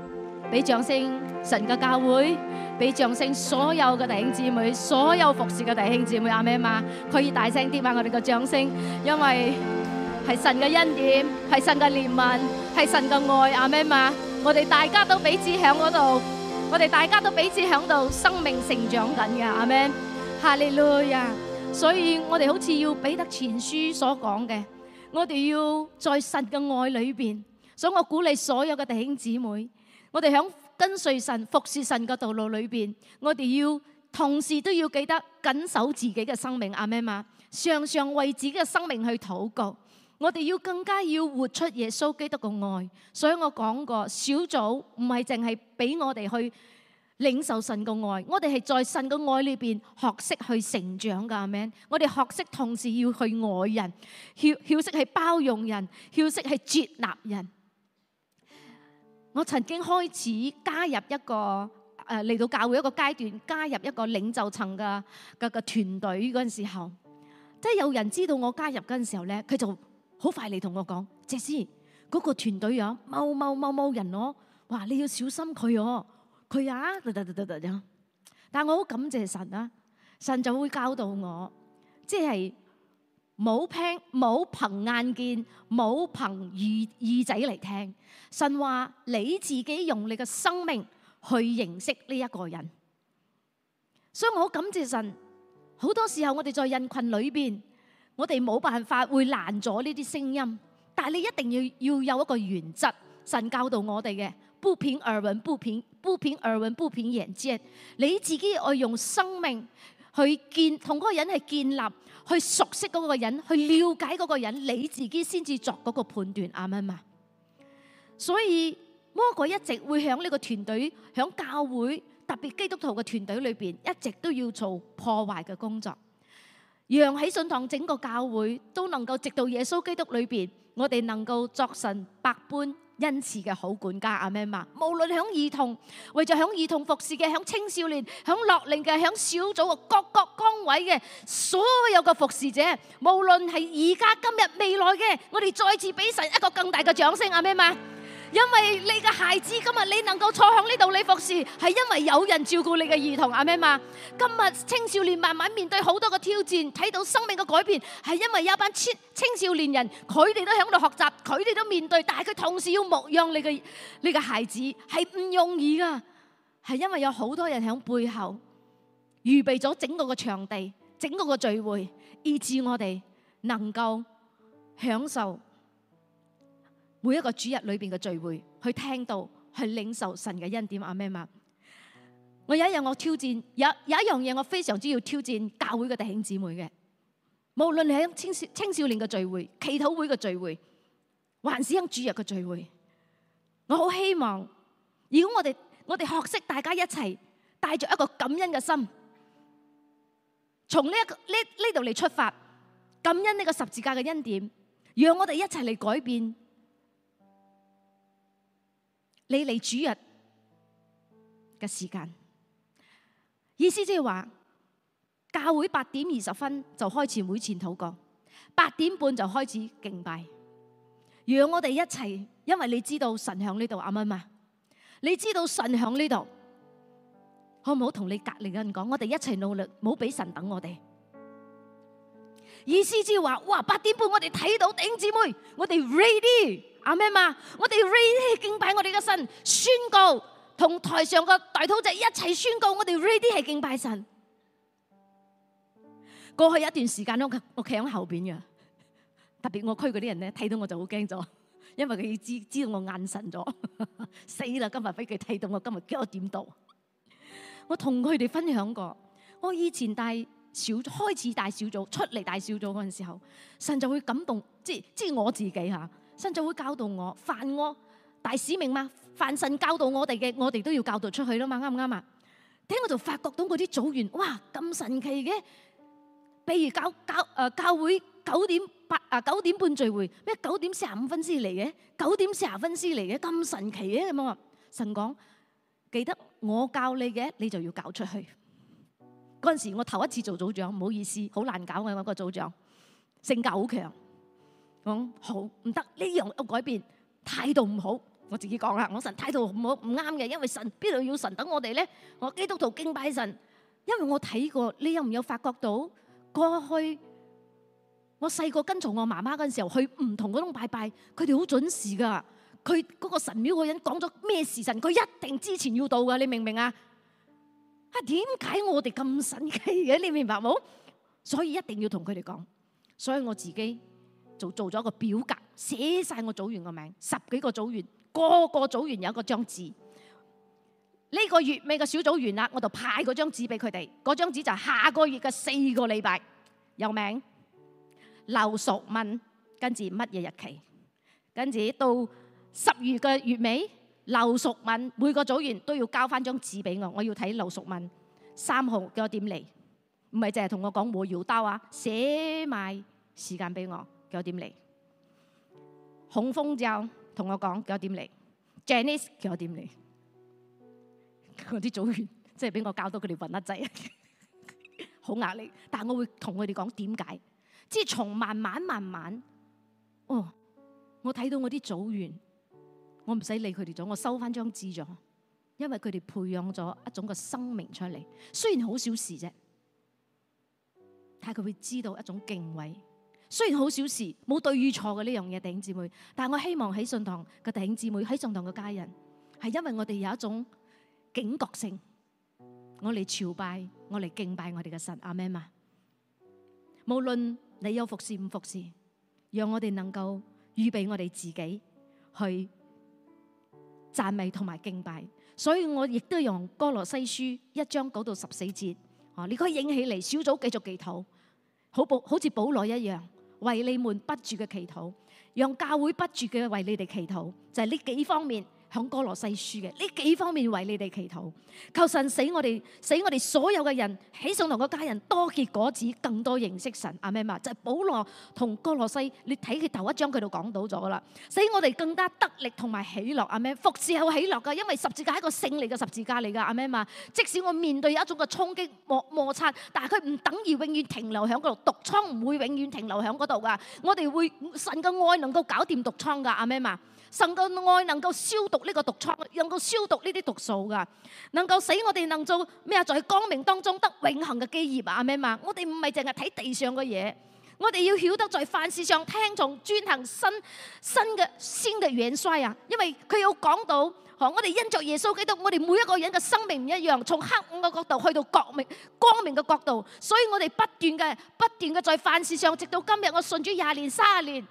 俾掌聲神嘅教會，俾掌聲所有嘅弟兄姊妹，所有服侍嘅弟兄姊妹啊咩嘛，可以大聲啲嘛，我哋嘅掌聲，因為係神嘅恩典，係神嘅憐憫，係神嘅愛啊咩嘛，我哋大家都彼此響嗰度，我哋大家都彼此響度生命成長緊嘅啊咩，哈利路亞，所以我哋好似要彼得前書所講嘅，我哋要在神嘅愛裏邊。所以，我鼓勵所有嘅弟兄姊妹，我哋響跟隨神、服侍神嘅道路裏邊，我哋要同時都要記得緊守自己嘅生命。阿們嘛，常常為自己嘅生命去禱告。我哋要更加要活出耶穌基督嘅愛。所以我講過，小組唔係淨係俾我哋去領受神嘅愛，我哋係在神嘅愛裏邊學識去成長㗎。阿們，我哋學識同時要去愛人，曉曉識係包容人，曉識係接納人。我曾經開始加入一個誒嚟、呃、到教會一個階段，加入一個領袖層嘅嘅嘅團隊嗰陣時候，即係有人知道我加入嗰陣時候咧，佢就好快嚟同我講，謝師嗰個團隊有、啊、某某某某人我、啊、哇，你要小心佢哦、啊，佢啊，但係我好感謝神啊，神就會教導我，即係。冇聽，冇憑眼見，冇憑耳耳仔嚟聽。神話你自己用你嘅生命去認識呢一個人，所以我好感謝神。好多時候我哋在人群裏邊，我哋冇辦法會攔阻呢啲聲音，但係你一定要要有一個原則。神教導我哋嘅，不偏耳聞，不偏不偏耳聞，不偏言接。你自己愛用生命。去建同嗰個人係建立，去熟悉嗰個人，去了解嗰個人，你自己先至作嗰個判斷，啱唔啱？所以魔鬼一直會響呢個團隊，響教會，特別基督徒嘅團隊裏邊，一直都要做破壞嘅工作，讓起信堂整個教會都能夠直到耶穌基督裏邊，我哋能夠作神百般，恩賜嘅好管家，阿們。無論響兒童，為咗響兒童服侍嘅，響青少年，響樂齡嘅，響小組啊，各個崗位嘅所有嘅服侍者，無論係而家、今日、未來嘅，我哋再次俾神一個更大嘅掌聲，阿們。因為你嘅孩子今日你能夠坐喺呢度你服侍，係因為有人照顧你嘅兒童阿咩嘛？今日青少年慢慢面對好多嘅挑戰，睇到生命嘅改變，係因為有一班青青少年人，佢哋都喺度學習，佢哋都面對，但係佢同時要牧養你嘅你嘅孩子係唔容易㗎，係因為有好多人喺背後預備咗整個嘅場地，整個嘅聚會，以致我哋能夠享受。每一個主日裏邊嘅聚會，去聽到去領受神嘅恩典阿咩嘛？Amen. 我有一日我挑戰有有一樣嘢，我非常之要挑戰教會嘅弟兄姊妹嘅。無論係青少青少年嘅聚會、祈禱會嘅聚會，還是響主日嘅聚會，我好希望如果我哋我哋學識大家一齊帶着一個感恩嘅心，從呢一個呢呢度嚟出發，感恩呢個十字架嘅恩典，讓我哋一齊嚟改變。你嚟主日嘅時間，意思即係話，教會八點二十分就開始會前禱告，八點半就開始敬拜，讓我哋一齊，因為你知道神喺呢度啱唔啱？你知道神喺呢度，好唔好同你隔籬嘅人講，我哋一齊努力，唔好俾神等我哋。意思即係話，哇，八點半我哋睇到頂姊妹，我哋 ready。咩嘛、啊，我哋 ready 去敬拜我哋嘅神，宣告，同台上嘅大肚仔一齊宣告我哋 ready 係敬拜神。過去一段時間，我我企喺後邊嘅，特別我區嗰啲人咧睇到我就好驚咗，因為佢知知道我眼神咗，死啦！今日俾佢睇到我今日幾多點到。我同佢哋分享過，我以前帶小開始帶小組出嚟帶小組嗰陣時候，神就會感動，即係即係我自己吓。神就會教導我，犯我大使命嘛？犯神教導我哋嘅，我哋都要教導出去啦嘛？啱唔啱啊？喺我就發覺到嗰啲組員，哇，咁神奇嘅！譬如教教誒教會九點八啊九點半聚會，咩九點四十五分先嚟嘅，九點四十分先嚟嘅，咁神奇嘅咁啊！神講記得我教你嘅，你就要教出去。嗰陣時我頭一次做組長，唔好意思，好難搞嘅我個組長，性格好強。講好唔得呢樣，要改變態度唔好，我自己講啦。我神態度唔好唔啱嘅，因為神邊度要神等我哋咧？我基督徒敬拜神，因為我睇過，你有唔有發覺到過去我細個跟從我媽媽嗰陣時候，去唔同嗰種拜拜，佢哋好準時噶。佢嗰個神廟個人講咗咩時辰，佢一定之前要到噶。你明唔明啊？啊，點解我哋咁神奇嘅？你明白冇？所以一定要同佢哋講。所以我自己。做做咗個表格，寫晒我組員個名，十幾個組員，個個組員有一個張紙。呢、呢個月尾嘅小組員啦，我就派嗰張紙俾佢哋。嗰張紙就下個月嘅四個禮拜有名，劉淑敏，跟住乜嘢日期，跟住到十月嘅月尾，劉淑敏每個組員都要交翻張紙俾我，我要睇劉淑敏三號幾多點嚟，唔係淨係同我講冇搖刀啊，寫埋時間俾我。九點嚟？恐慌之後同我講九點嚟？Janice 九點嚟？我啲組員即係俾我搞到佢哋暈得滯， 好壓力。但係我會同佢哋講點解，即係從慢慢慢慢，哦，我睇到我啲組員，我唔使理佢哋咗，我收翻張紙咗，因為佢哋培養咗一種個生命出嚟，雖然好小事啫，但係佢會知道一種敬畏。雖然好小事，冇對與錯嘅呢樣嘢，弟兄姊妹，但係我希望喺信堂嘅弟兄姊妹，喺信堂嘅家人，係因為我哋有一種警覺性，我嚟朝拜，我嚟敬拜我哋嘅神。阿們啊。無論你有服侍唔服侍，讓我哋能夠預備我哋自己去讚美同埋敬拜。所以我亦都用哥羅西書一章九到十四節，你可以影起嚟，小組繼續祈禱，好，好像保好似保羅一樣。為你們不住嘅祈禱，讓教會不住嘅為你哋祈禱，就係呢幾方面。響哥羅西書嘅呢幾方面為你哋祈禱，求神使我哋，使我哋所有嘅人，起上同個家人多結果子，更多認識神。阿媽嘛，就係、保羅同哥羅西，你睇佢頭一章佢就講到咗啦，使我哋更加得力同埋喜樂。阿媽，服侍後喜樂噶，因為十字架係一個勝利嘅十字架嚟噶。阿媽嘛，即使我面對有一種嘅衝擊磨摩擦，但係佢唔等於永遠停留喺嗰度，毒瘡唔會永遠停留喺嗰度噶。我哋會神嘅愛能夠搞掂毒瘡噶。阿媽嘛。神個愛能夠消毒呢個毒瘡，能夠消毒呢啲毒素噶，能夠使我哋能做咩啊？在光明當中得永恆嘅基業啊，咩嘛？我哋唔係淨係睇地上嘅嘢，我哋要曉得在凡事上聽從、遵行新新嘅、先嘅元帥啊！因為佢有講到，我哋因着耶穌基督，我哋每一個人嘅生命唔一樣，從黑暗嘅角度去到光明光明嘅角度，所以我哋不斷嘅、不斷嘅在凡事上，直到今日我信主廿年、三十年。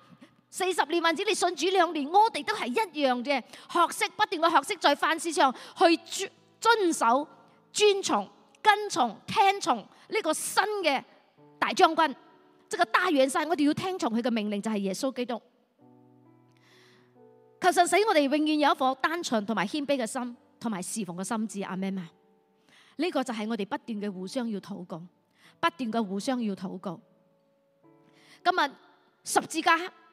四十年或者你信主兩年，我哋都係一樣嘅，學識不斷嘅學識，在凡事上去遵守、遵從、跟從、聽從呢、這個新嘅大將軍，這個大元帥，我哋要聽從佢嘅命令，就係、是、耶穌基督。求神使我哋永遠有一顆單純同埋謙卑嘅心，同埋侍奉嘅心志。阿咩咪。呢、這個就係我哋不斷嘅互相要禱告，不斷嘅互相要禱告。今日十字架。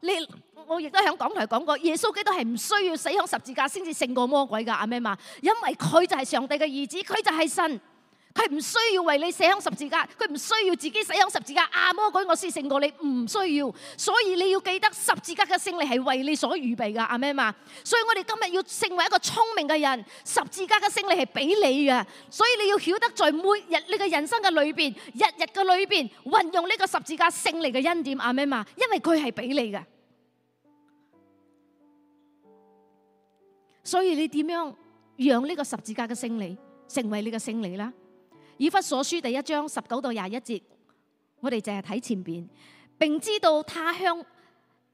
你我亦都喺講台講過，耶穌基督係唔需要死喺十字架先至勝過魔鬼㗎，為咩嘛？因為佢就係上帝嘅兒子，佢就係神。佢唔需要為你死喺十字架，佢唔需要自己死喺十字架。阿、啊、魔鬼，我先勝過你，唔需要。所以你要記得十字架嘅勝利係為你所預備噶，阿們嘛。所以我哋今日要成為一個聰明嘅人，十字架嘅勝利係俾你嘅，所以你要曉得在每日你嘅人生嘅裏邊，日日嘅裏邊運用呢個十字架勝利嘅恩典，阿們嘛，因為佢係俾你嘅。所以你點樣讓呢個十字架嘅勝利成為你嘅勝利啦？以弗所書第一章十九到廿一節，我哋就係睇前邊，並知道他向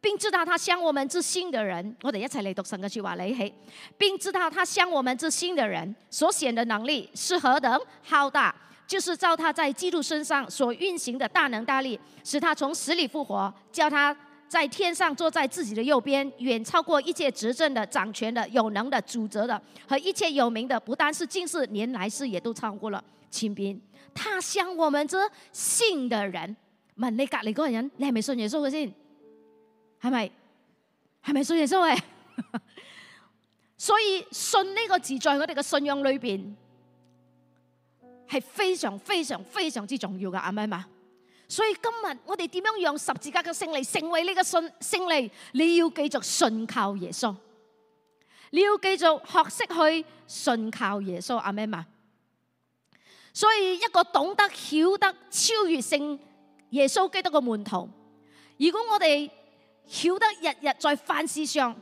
並知道他向我們這信的人，我哋一齊嚟讀上句話嚟起並知道他向我們這信的人所顯的能力是何等浩大，就是照他在基督身上所運行的大能大力，使他從死裏復活，叫他在天上坐在自己的右邊，遠超過一切執政的、掌權的、有能的、主治的和一切有名的，不單是今世、連來世也都超過了。前面他向我們這信嘅人，問你隔籬嗰個人，你係咪信耶穌嘅先？係咪？係咪信耶穌嘅？ 所以信呢個字在我哋嘅信仰裏邊係非常非常非常之重要嘅，阿媽咪。所以今日我哋點樣讓十字架嘅勝利成為呢個信勝利？你要繼續信靠耶穌，你要繼續學識去信靠耶穌，阿媽咪。所以一個懂得曉得超越性耶穌基督嘅門徒，如果我哋曉得日日喺凡事上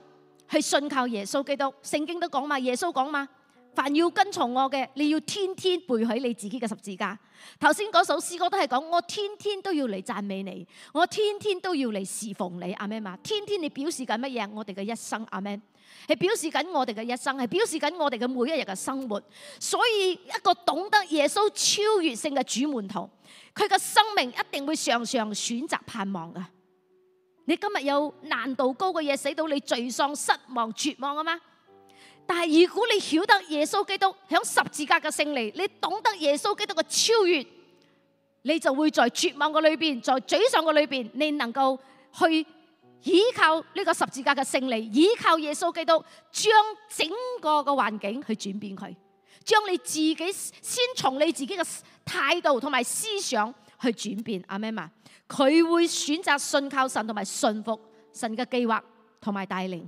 去信靠耶穌基督，聖經都講嘛，耶穌講嘛。凡要跟從我嘅，你要天天背起你自己嘅十字架。頭先嗰首詩歌都係講，我天天都要嚟讚美你，我天天都要嚟侍奉你。阿媽嘛，天天你表示緊乜嘢？我哋嘅一生，阿媽，係表示緊我哋嘅一生，係表示緊我哋嘅每一日嘅生活。所以一個懂得耶穌超越性嘅主門徒，佢嘅生命一定會常常選擇盼望嘅。你今日有難度高嘅嘢，使到你沮喪、失望、絕望啊嘛？但係如果你曉得耶穌基督響十字架嘅勝利，你懂得耶穌基督嘅超越，你就會在絕望嘅裏邊，在沮喪嘅裏邊，你能夠去依靠呢個十字架嘅勝利，依靠耶穌基督將整個嘅環境去轉變佢，將你自己先從你自己嘅態度同埋思想去轉變。阿門，佢會選擇信靠神同埋信服神嘅計劃同埋帶領。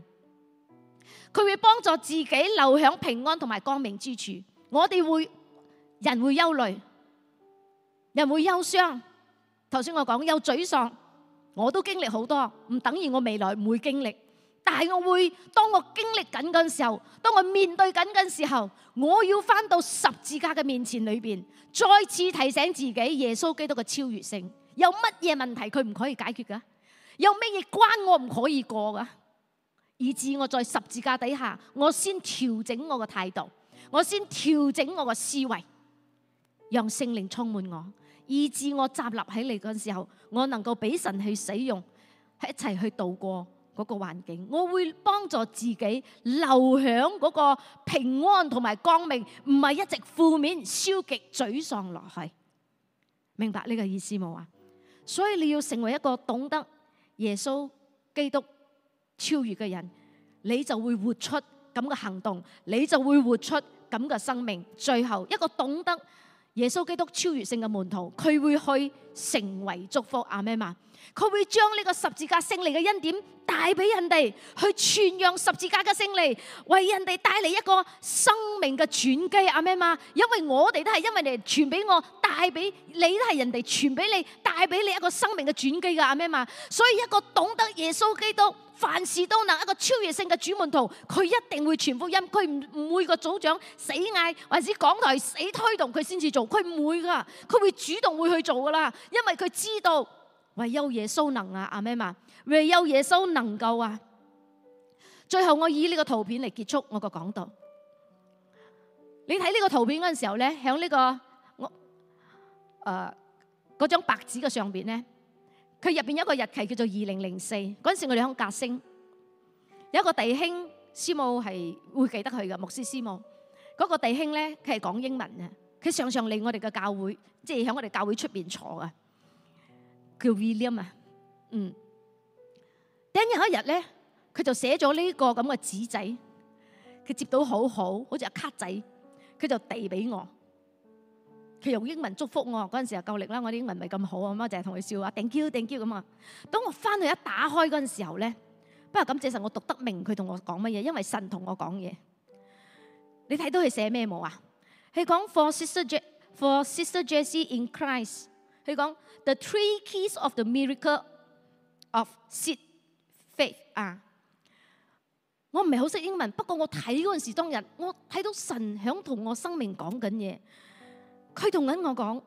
佢會幫助自己留響平安同埋光明之處。我哋會人會憂慮，人會憂傷。頭先我講有沮喪，我都經歷好多，唔等於我未來唔會經歷。但係我會當我經歷緊嗰陣時候，當我面對緊嗰陣時候，我要翻到十字架嘅面前裏邊，再次提醒自己耶穌基督嘅超越性。有乜嘢問題佢唔可以解決噶？有乜嘢關我唔可以過噶？以至我在十字架底下，我先調整我個態度，我先調整我個思維，讓聖靈充滿我，以致我站立起嚟嗰陣時候，我能夠俾神去使用，一齊去度過嗰個環境。我會幫助自己留響嗰個平安同埋光明，唔係一直負面、消極、沮喪落去。明白呢個意思冇啊？所以你要成為一個懂得耶穌基督，超越嘅人，你就會活出咁嘅行動，你就會活出咁嘅生命。最後一個懂得耶穌基督超越性嘅門徒，佢會去成為祝福。阿們啊。佢會將呢個十字架勝利嘅恩典帶俾人哋，去傳揚十字架嘅勝利，為人哋帶嚟一個生命嘅轉機，阿咩嘛。因為我哋都係因為你傳俾我，帶俾你，都係人哋傳俾你，帶俾你一個生命嘅轉機噶，阿咩嘛。所以一個懂得耶穌基督，凡事都能一個超越性嘅主門徒，佢一定會傳福音。佢唔會個組長死嗌，或者講台死推動，佢先至做，佢唔會噶。佢會主動會去做噶啦，因為佢知道。唯有耶穌能啊，阿媽咪嘛，唯有耶穌能夠啊！最後我以呢個圖片嚟結束我個講道。你睇呢個圖片嗰陣時候咧，喺呢個我誒嗰張白紙嘅上邊咧，佢入邊有一個日期叫做二零零四，嗰陣時，我哋喺格星有一個弟兄師母係會記得佢嘅牧師師母嗰個弟兄咧，佢係講英文嘅，佢常常嚟我哋嘅教會，即係喺我哋教會出邊坐啊。叫 William 啊，嗯。等有一日咧，佢就寫咗呢個咁嘅紙仔，佢接到好好，好似阿卡仔，佢就遞俾我。佢用英文祝福我，嗰陣時候夠力啦，我啲英文唔係咁好，咁我淨係同佢笑啊，Thank you，Thank you 咁啊。等我翻去一打開嗰陣時候咧，不過感謝神，我讀得明佢同我講乜嘢，因為神同我講嘢。你睇到佢寫咩冇啊？佢講 For Sister For Sister Jessie in Christ。佢講 The three keys of the miracle of seed faith 啊，我唔係好識英文，不過我睇嗰陣時當日，我睇到神響同我生命講緊嘢，佢同緊我講，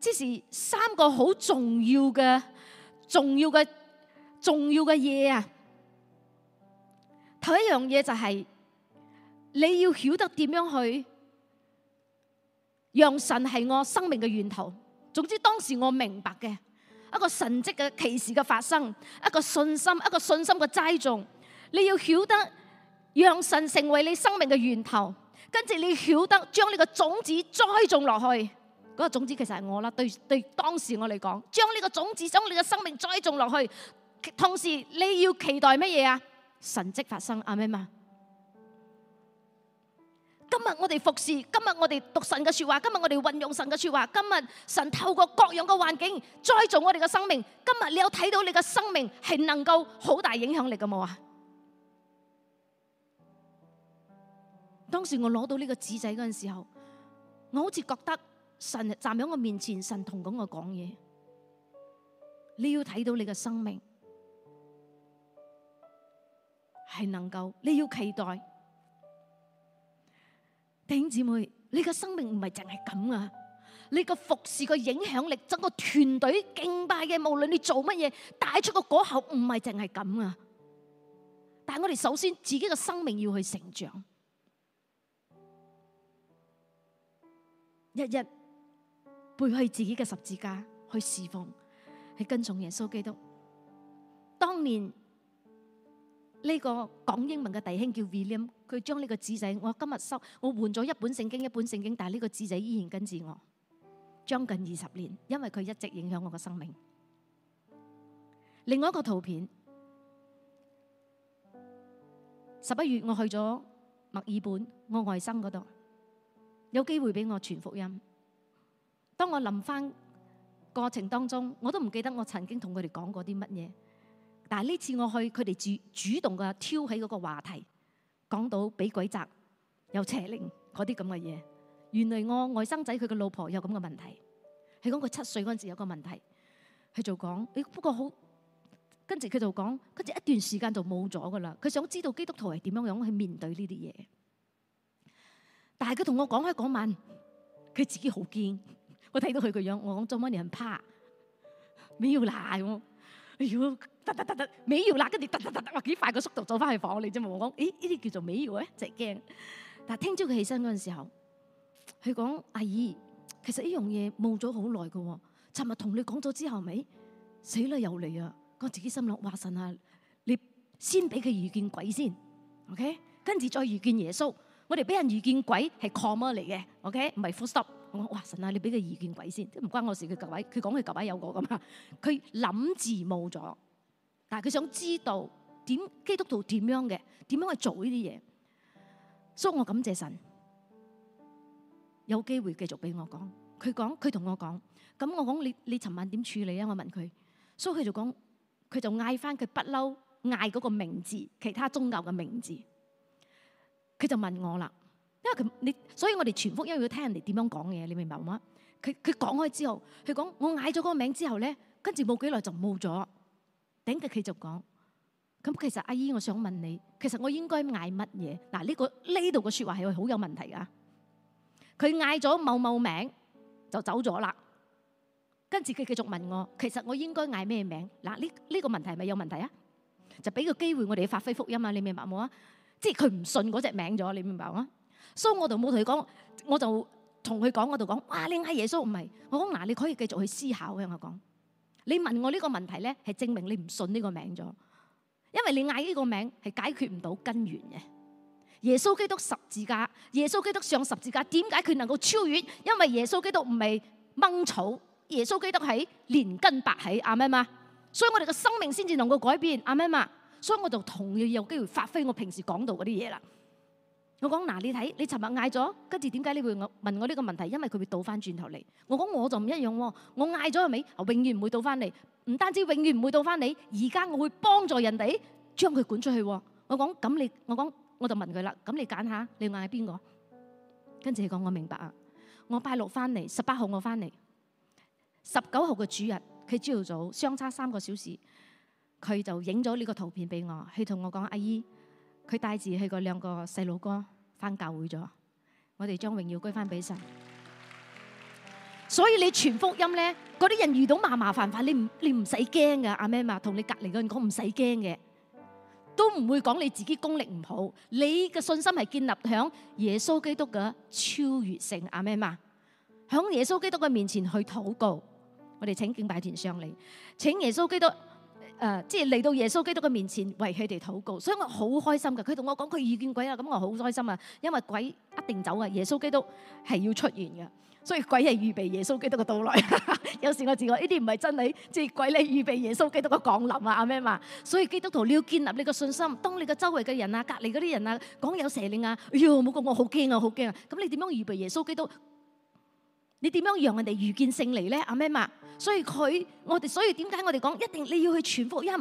即是三個好重要嘅重要嘅重要嘅嘢啊。頭一樣嘢就係、是、你要曉得點樣去讓神係我生命嘅源頭。總之當時我明白嘅一個神蹟嘅奇事嘅發生，一個信心一個信心嘅栽種，你要曉得讓神成為你生命嘅源頭，跟住你曉得將你個種子栽種落去。嗰個種子其實係我啦，對對當時我嚟講，將呢個種子將你嘅生命栽種落去。同時你要期待乜嘢啊？神蹟發生，阿媽咪。今日我哋服侍，今日我哋讀神嘅說話，今日我哋運用神嘅說話，今日神透過各樣嘅環境栽造我哋嘅生命。今日你有睇到你嘅生命係能夠好大影響力嘅冇啊？當時我攞到呢個紙仔嗰陣時候，我好似覺得神站喺我面前，神同我講嘢。你要睇到你嘅生命係能夠，你要期待。弟兄姊妹，你個生命唔係淨係咁啊！你個服侍個影響力，整個團隊敬拜嘅，無論你做乜嘢帶出個果效，唔係淨係咁啊！但係我哋首先自己嘅生命要去成長，日日背去自己嘅十字架去侍奉，去跟從耶穌基督。當年。呢個講英文嘅弟兄叫 William，佢將呢個紙仔，我今日收，我換咗一本聖經，一本聖經，但係呢個紙仔依然跟住我，將近二十年，因為佢一直影響我嘅生命。另外一個圖片，十一月我去咗墨爾本，我外甥嗰度有機會俾我傳福音。當我諗返過程當中，我都唔記得我曾經同佢哋講過啲乜嘢。但係呢次我去佢哋，主主動嘅挑起嗰個話題，講到俾鬼責、有邪靈嗰啲咁嘅嘢。原來我外甥仔佢嘅老婆有咁嘅問題，係講佢七歲嗰陣時有個問題，佢就講誒、哎、不過好，跟住佢就講，跟住一段時間就冇咗㗎啦。佢想知道基督徒係點樣樣去面對呢啲嘢。但係佢同我講開嗰晚，佢自己好驚，我睇到佢個樣，我講，做乜你人怕？你要賴我、啊？哎喲，突突突突，尾搖啦，跟住突突突突，話幾快個速度走翻去房嚟啫嘛！我講，咦，呢啲叫做美搖咧，就驚。但係聽朝佢起身嗰陣時候，佢講，阿姨，其實呢樣嘢冇咗好耐嘅。尋日同你講咗之後，咪死啦又嚟啊！我自己心諗，哇神啊，你先俾佢遇見鬼先，OK？跟住再遇見耶穌，我哋俾人遇見鬼係 comma 嚟嘅，OK？唔係 full stop。哇！神啊，你俾個意見鬼先，即唔關我事。佢舊位，佢講佢舊位有我咁啊！佢諗字冇咗，但係佢想知道點基督徒點樣嘅，點樣去做呢啲嘢。所以，我感謝神，有機會繼續俾我講。佢講，佢同我講，咁我講你，你尋晚點處理啊？我問佢，所以佢就講，佢就嗌翻佢不嬲嗌嗰個名字，其他宗教嘅名字。佢就問我啦。因為佢你，所以我哋全福音要聽人哋點樣講嘢，你明白冇啊？佢佢講開之後，佢講我嗌咗嗰個名之後咧，跟住冇幾耐就冇咗。頂嘅佢繼續講咁，其實阿姨，我想問你，其實我應該嗌乜嘢嗱？呢個呢度個說話係會好有問題噶。佢嗌咗某某名就走咗啦，跟住佢繼續問我，其實我應該嗌咩名嗱？呢呢個問題係咪有問題啊？就俾個機會我哋去發揮福音啊！你明白冇啊？即係佢唔信嗰隻名咗，你明白嗎？所以、so，我就冇同佢講，我就同佢講，我就講，哇！你嗌耶穌唔係，我講嗱，你可以繼續去思考，聽我講。你問我呢個問題咧，係證明你唔信呢個名咗，因為你嗌呢個名係解決唔到根源嘅。耶穌基督十字架，耶穌基督上十字架，點解佢能夠超越？因為耶穌基督唔係掹草，耶穌基督係連根拔起，阿們嘛。所以我哋嘅生命先至能夠改變，阿們嘛。所以我就同樣有機會發揮我平時講道嗰啲嘢啦。我講嗱，你睇你尋日嗌咗，跟住點解你會問我呢個問題？因為佢會倒翻轉頭嚟。我講我就唔一樣喎，我嗌咗係咪？永遠唔會倒翻嚟。唔單止永遠唔會倒翻嚟，而家我會幫助人哋將佢趕出去。我講咁你，我講我就問佢啦。咁你揀下，你嗌係邊個？跟住你講我明白啊，我拜六翻嚟，十八號我翻嚟，十九號嘅主日，佢朝頭早相差三個小時，佢就影咗呢個圖片俾我，佢同我講阿姨。佢帶住佢個兩個細佬哥翻教會咗，我哋將榮耀歸翻俾神。所以你傳福音咧，嗰啲人遇到麻麻煩煩，你唔你唔使驚㗎，阿媽嘛，同你隔籬嘅人講唔使驚嘅，都唔會講你自己功力唔好，你嘅信心係建立喺耶穌基督嘅超越性，阿媽嘛，喺耶穌基督嘅面前去禱告，我哋請敬拜團上嚟，請耶穌基督。誒，uh, 即係嚟到耶穌基督嘅面前為佢哋禱告，所以我好開心嘅。佢同我講佢遇見鬼啦，咁我好開心啊，因為鬼一定走嘅，耶穌基督係要出現嘅，所以鬼係預備耶穌基督嘅到來。 有時我自我呢啲唔係真理，即係鬼咧預備耶穌基督嘅降臨啊，阿 m 嘛。所以基督徒你要建立你嘅信心，當你嘅周圍嘅人啊、隔離嗰啲人啊講有蛇靈啊，哎喲，唔好講我好驚啊，好驚啊，咁你點樣預備耶穌基督？你點樣讓人哋遇見勝利咧？阿門嘛，所以佢，我哋，所以點解我哋講一定你要去傳福音，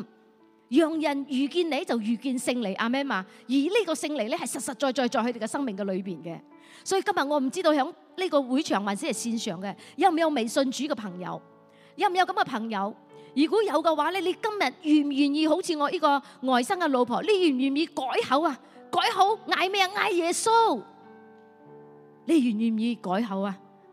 讓人遇見你就遇見勝利，阿門嘛。而呢個勝利咧係實實在在在佢哋嘅生命嘅裏邊嘅。所以今日我唔知道響呢個會場還是係線上嘅，有唔有未信主嘅朋友？有唔有咁嘅朋友？如果有嘅話咧，你今日願唔願意好似我呢個外甥嘅老婆，你願唔願意改口啊？改口嗌咩啊？嗌耶穌，你願唔願意改口啊？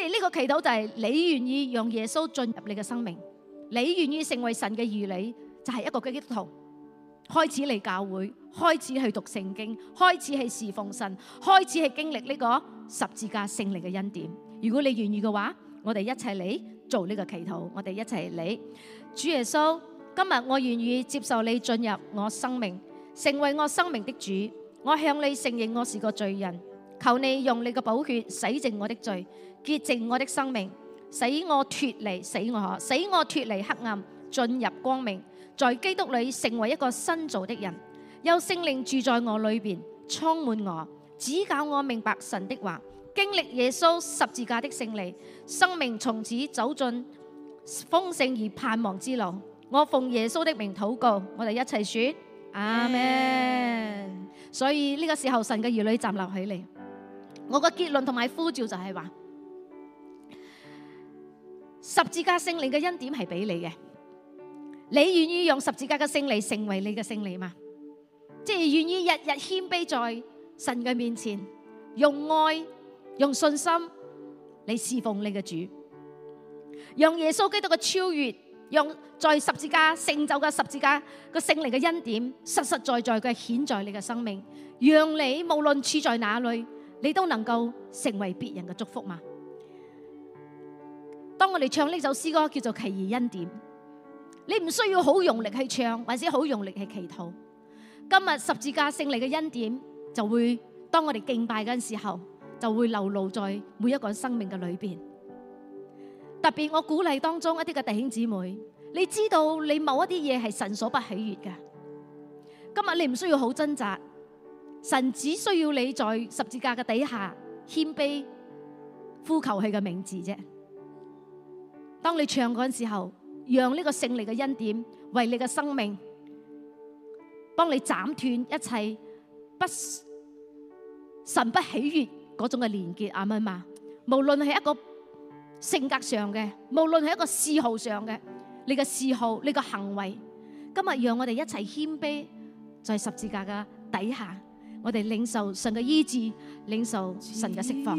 即係呢個祈禱就係你願意讓耶穌進入你嘅生命，你願意成為神嘅兒女，就係一個基督徒。開始嚟教會，開始去讀聖經，開始去侍奉神，開始去經歷呢個十字架勝利嘅恩典。如果你願意嘅話，我哋一齊嚟做呢個祈禱。我哋一齊嚟，主耶穌，今日我願意接受你進入我生命，成為我生命的主。我向你承認我是個罪人，求你用你嘅寶血洗淨我的罪。潔淨我的生命，使我脫離，使我使我脫離黑暗，進入光明，在基督裏成為一個新造的人，有聖靈住在我裏邊，充滿我，指教我明白神的話，經歷耶穌十字架的勝利，生命從此走進豐盛而盼望之路。我奉耶穌的名禱告，我哋一齊說阿門。Amen 所以呢個時候，神嘅兒女站立起嚟，我嘅結論同埋呼召就係話。十字架勝利嘅恩典係俾你嘅，你願意用十字架嘅勝利成為你嘅勝利嗎？即係願意日日謙卑在神嘅面前，用愛、用信心嚟侍奉你嘅主，讓耶穌基督嘅超越，讓在十字架成就嘅十字架嘅勝利嘅恩典，實實在在嘅顯在你嘅生命，讓你無論處在哪裏，你都能夠成為別人嘅祝福嗎？當我哋唱呢首詩歌叫做《奇異恩典》，你唔需要好用力去唱，或者好用力去祈禱。今日十字架勝利嘅恩典就會當我哋敬拜嗰陣時候，就會流露在每一個人生命嘅裏邊。特別我鼓勵當中一啲嘅弟兄姊妹，你知道你某一啲嘢係神所不喜悅嘅。今日你唔需要好掙扎，神只需要你在十字架嘅底下謙卑呼求佢嘅名字啫。當你唱嗰陣時候，讓呢個勝利嘅恩典為你嘅生命，幫你斬斷一切不神不喜悦嗰種嘅連結，阿們嘛。無論係一個性格上嘅，無論係一個嗜好上嘅，你嘅嗜好你嘅行為，今日讓我哋一齊謙卑在、就是、十字架嘅底下，我哋領受神嘅醫治，領受神嘅釋放。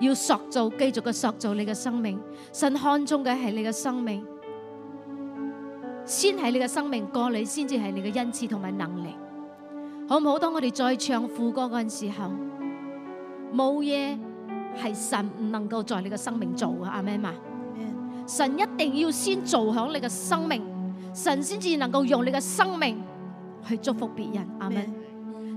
要塑造、繼續嘅塑造你嘅生命，神看中嘅係你嘅生命，先係你嘅生命，過你先至係你嘅恩賜同埋能力，好唔好？當我哋再唱副歌嗰陣時候，冇嘢係神唔能夠在你嘅生命做嘅，阿們，Amen. 神一定要先做響你嘅生命，神先至能夠用你嘅生命去祝福別人，阿們。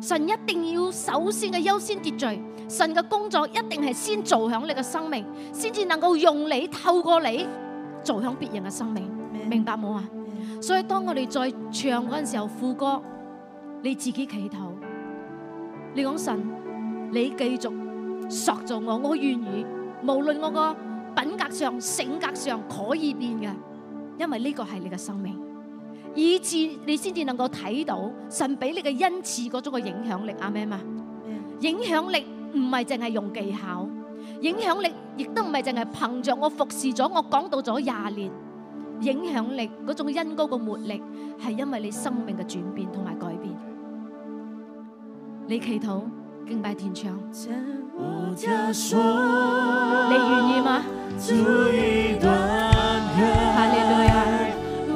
神一定要首先嘅優先秩序，神嘅工作一定係先做響你嘅生命，先至能夠用你，透過你做響別人嘅生命，Amen. 明白冇啊？所以當我哋再唱嗰陣時候副歌，你自己祈禱，你講神，你繼續塑造我，我願意，無論我個品格上、性格上可以變嘅，因為呢個係你嘅生命。以致你先至能夠睇到神俾你嘅恩賜嗰種嘅影響力啊咩嘛？影響力唔係淨係用技巧，影響力亦都唔係淨係憑着我服侍咗我講到咗廿年，影響力嗰種恩膏嘅活力係因為你生命嘅轉變同埋改變。你祈禱敬拜天唱，你願意嗎？哈利路亞。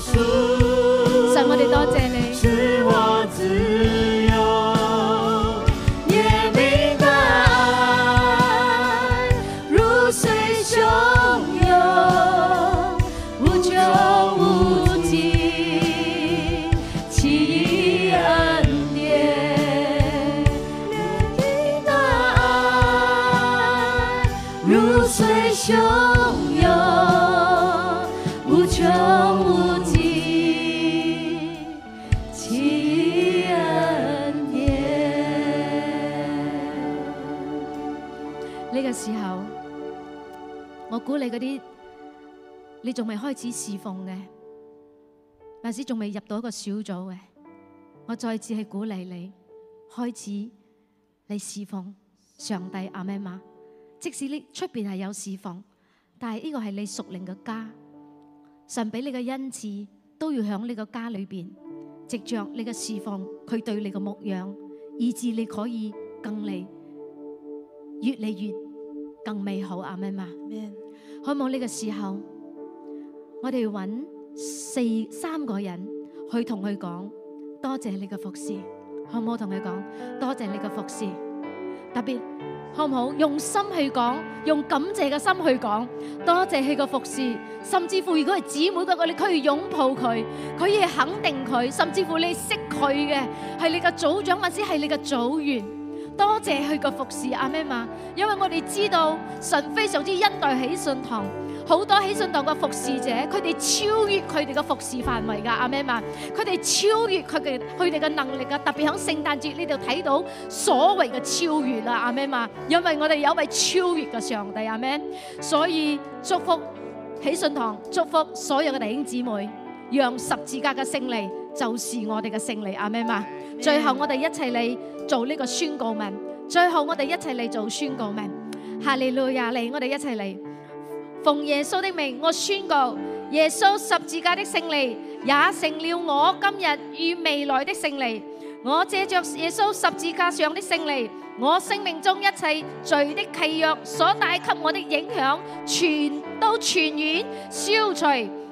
神，書 我哋多謝你。嗰啲你仲未開始侍奉嘅，還是仲未入到一個小組嘅，我再次係鼓勵你開始你侍奉上帝阿們嗎？即使你出邊係有侍奉，但係呢個係你屬靈嘅家。神俾你嘅恩賜都要響呢個家裏邊，藉著你嘅侍奉，佢對你嘅牧養，以致你可以更美，越嚟越更美好阿們嗎？可唔好呢個時候，我哋揾四三個人去同佢講，多謝你個服侍。可唔好同佢講多謝你個服侍，特別可唔好，不好用心去講，用感謝嘅心去講，多謝佢個服侍，甚至乎如果係姊妹嗰個，你可以擁抱佢，佢要肯定佢，甚至乎你識佢嘅係你嘅組長或者係你嘅組員。多謝佢個服侍，阿媽嘛，因為我哋知道神非常之恩待喜信堂，好多喜信堂個服侍者，佢哋超越佢哋個服侍範圍噶，阿媽嘛，佢哋超越佢嘅佢哋嘅能力噶，特別喺聖誕節呢度睇到所謂嘅超越啦，阿媽嘛，因為我哋有一位超越嘅上帝，阿媽，所以祝福喜信堂，祝福所有嘅弟兄姊妹，讓十字架嘅勝利。就是我哋嘅勝利阿們嘛。最後我哋一齊嚟做呢個宣告文。最後我哋一齊嚟做宣告文。哈利路亞！嚟我哋一齊嚟。奉耶穌的名，我宣告耶穌十字架的勝利也成了我今日與未來的勝利。我借着耶穌十字架上的勝利，我生命中一切罪的契約所帶給我的影響，全都全然消除，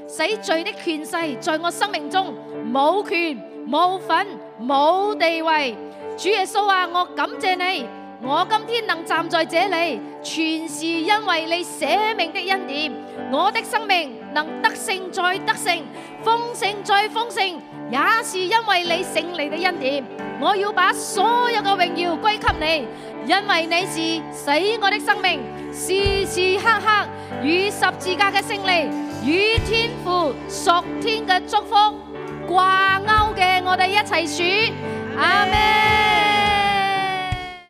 使罪的權勢在我生命中。冇權冇份冇地位，主耶穌啊，我感謝你，我今天能站在這裏，全是因為你捨命的恩典。我的生命能得勝再得勝，豐盛再豐盛，也是因為你勝利的恩典。我要把所有嘅榮耀歸給你，因為你是死我的生命，時時刻刻與十字架嘅勝利與天父屬天嘅祝福。掛鈎嘅，我哋一齊選阿們們。阿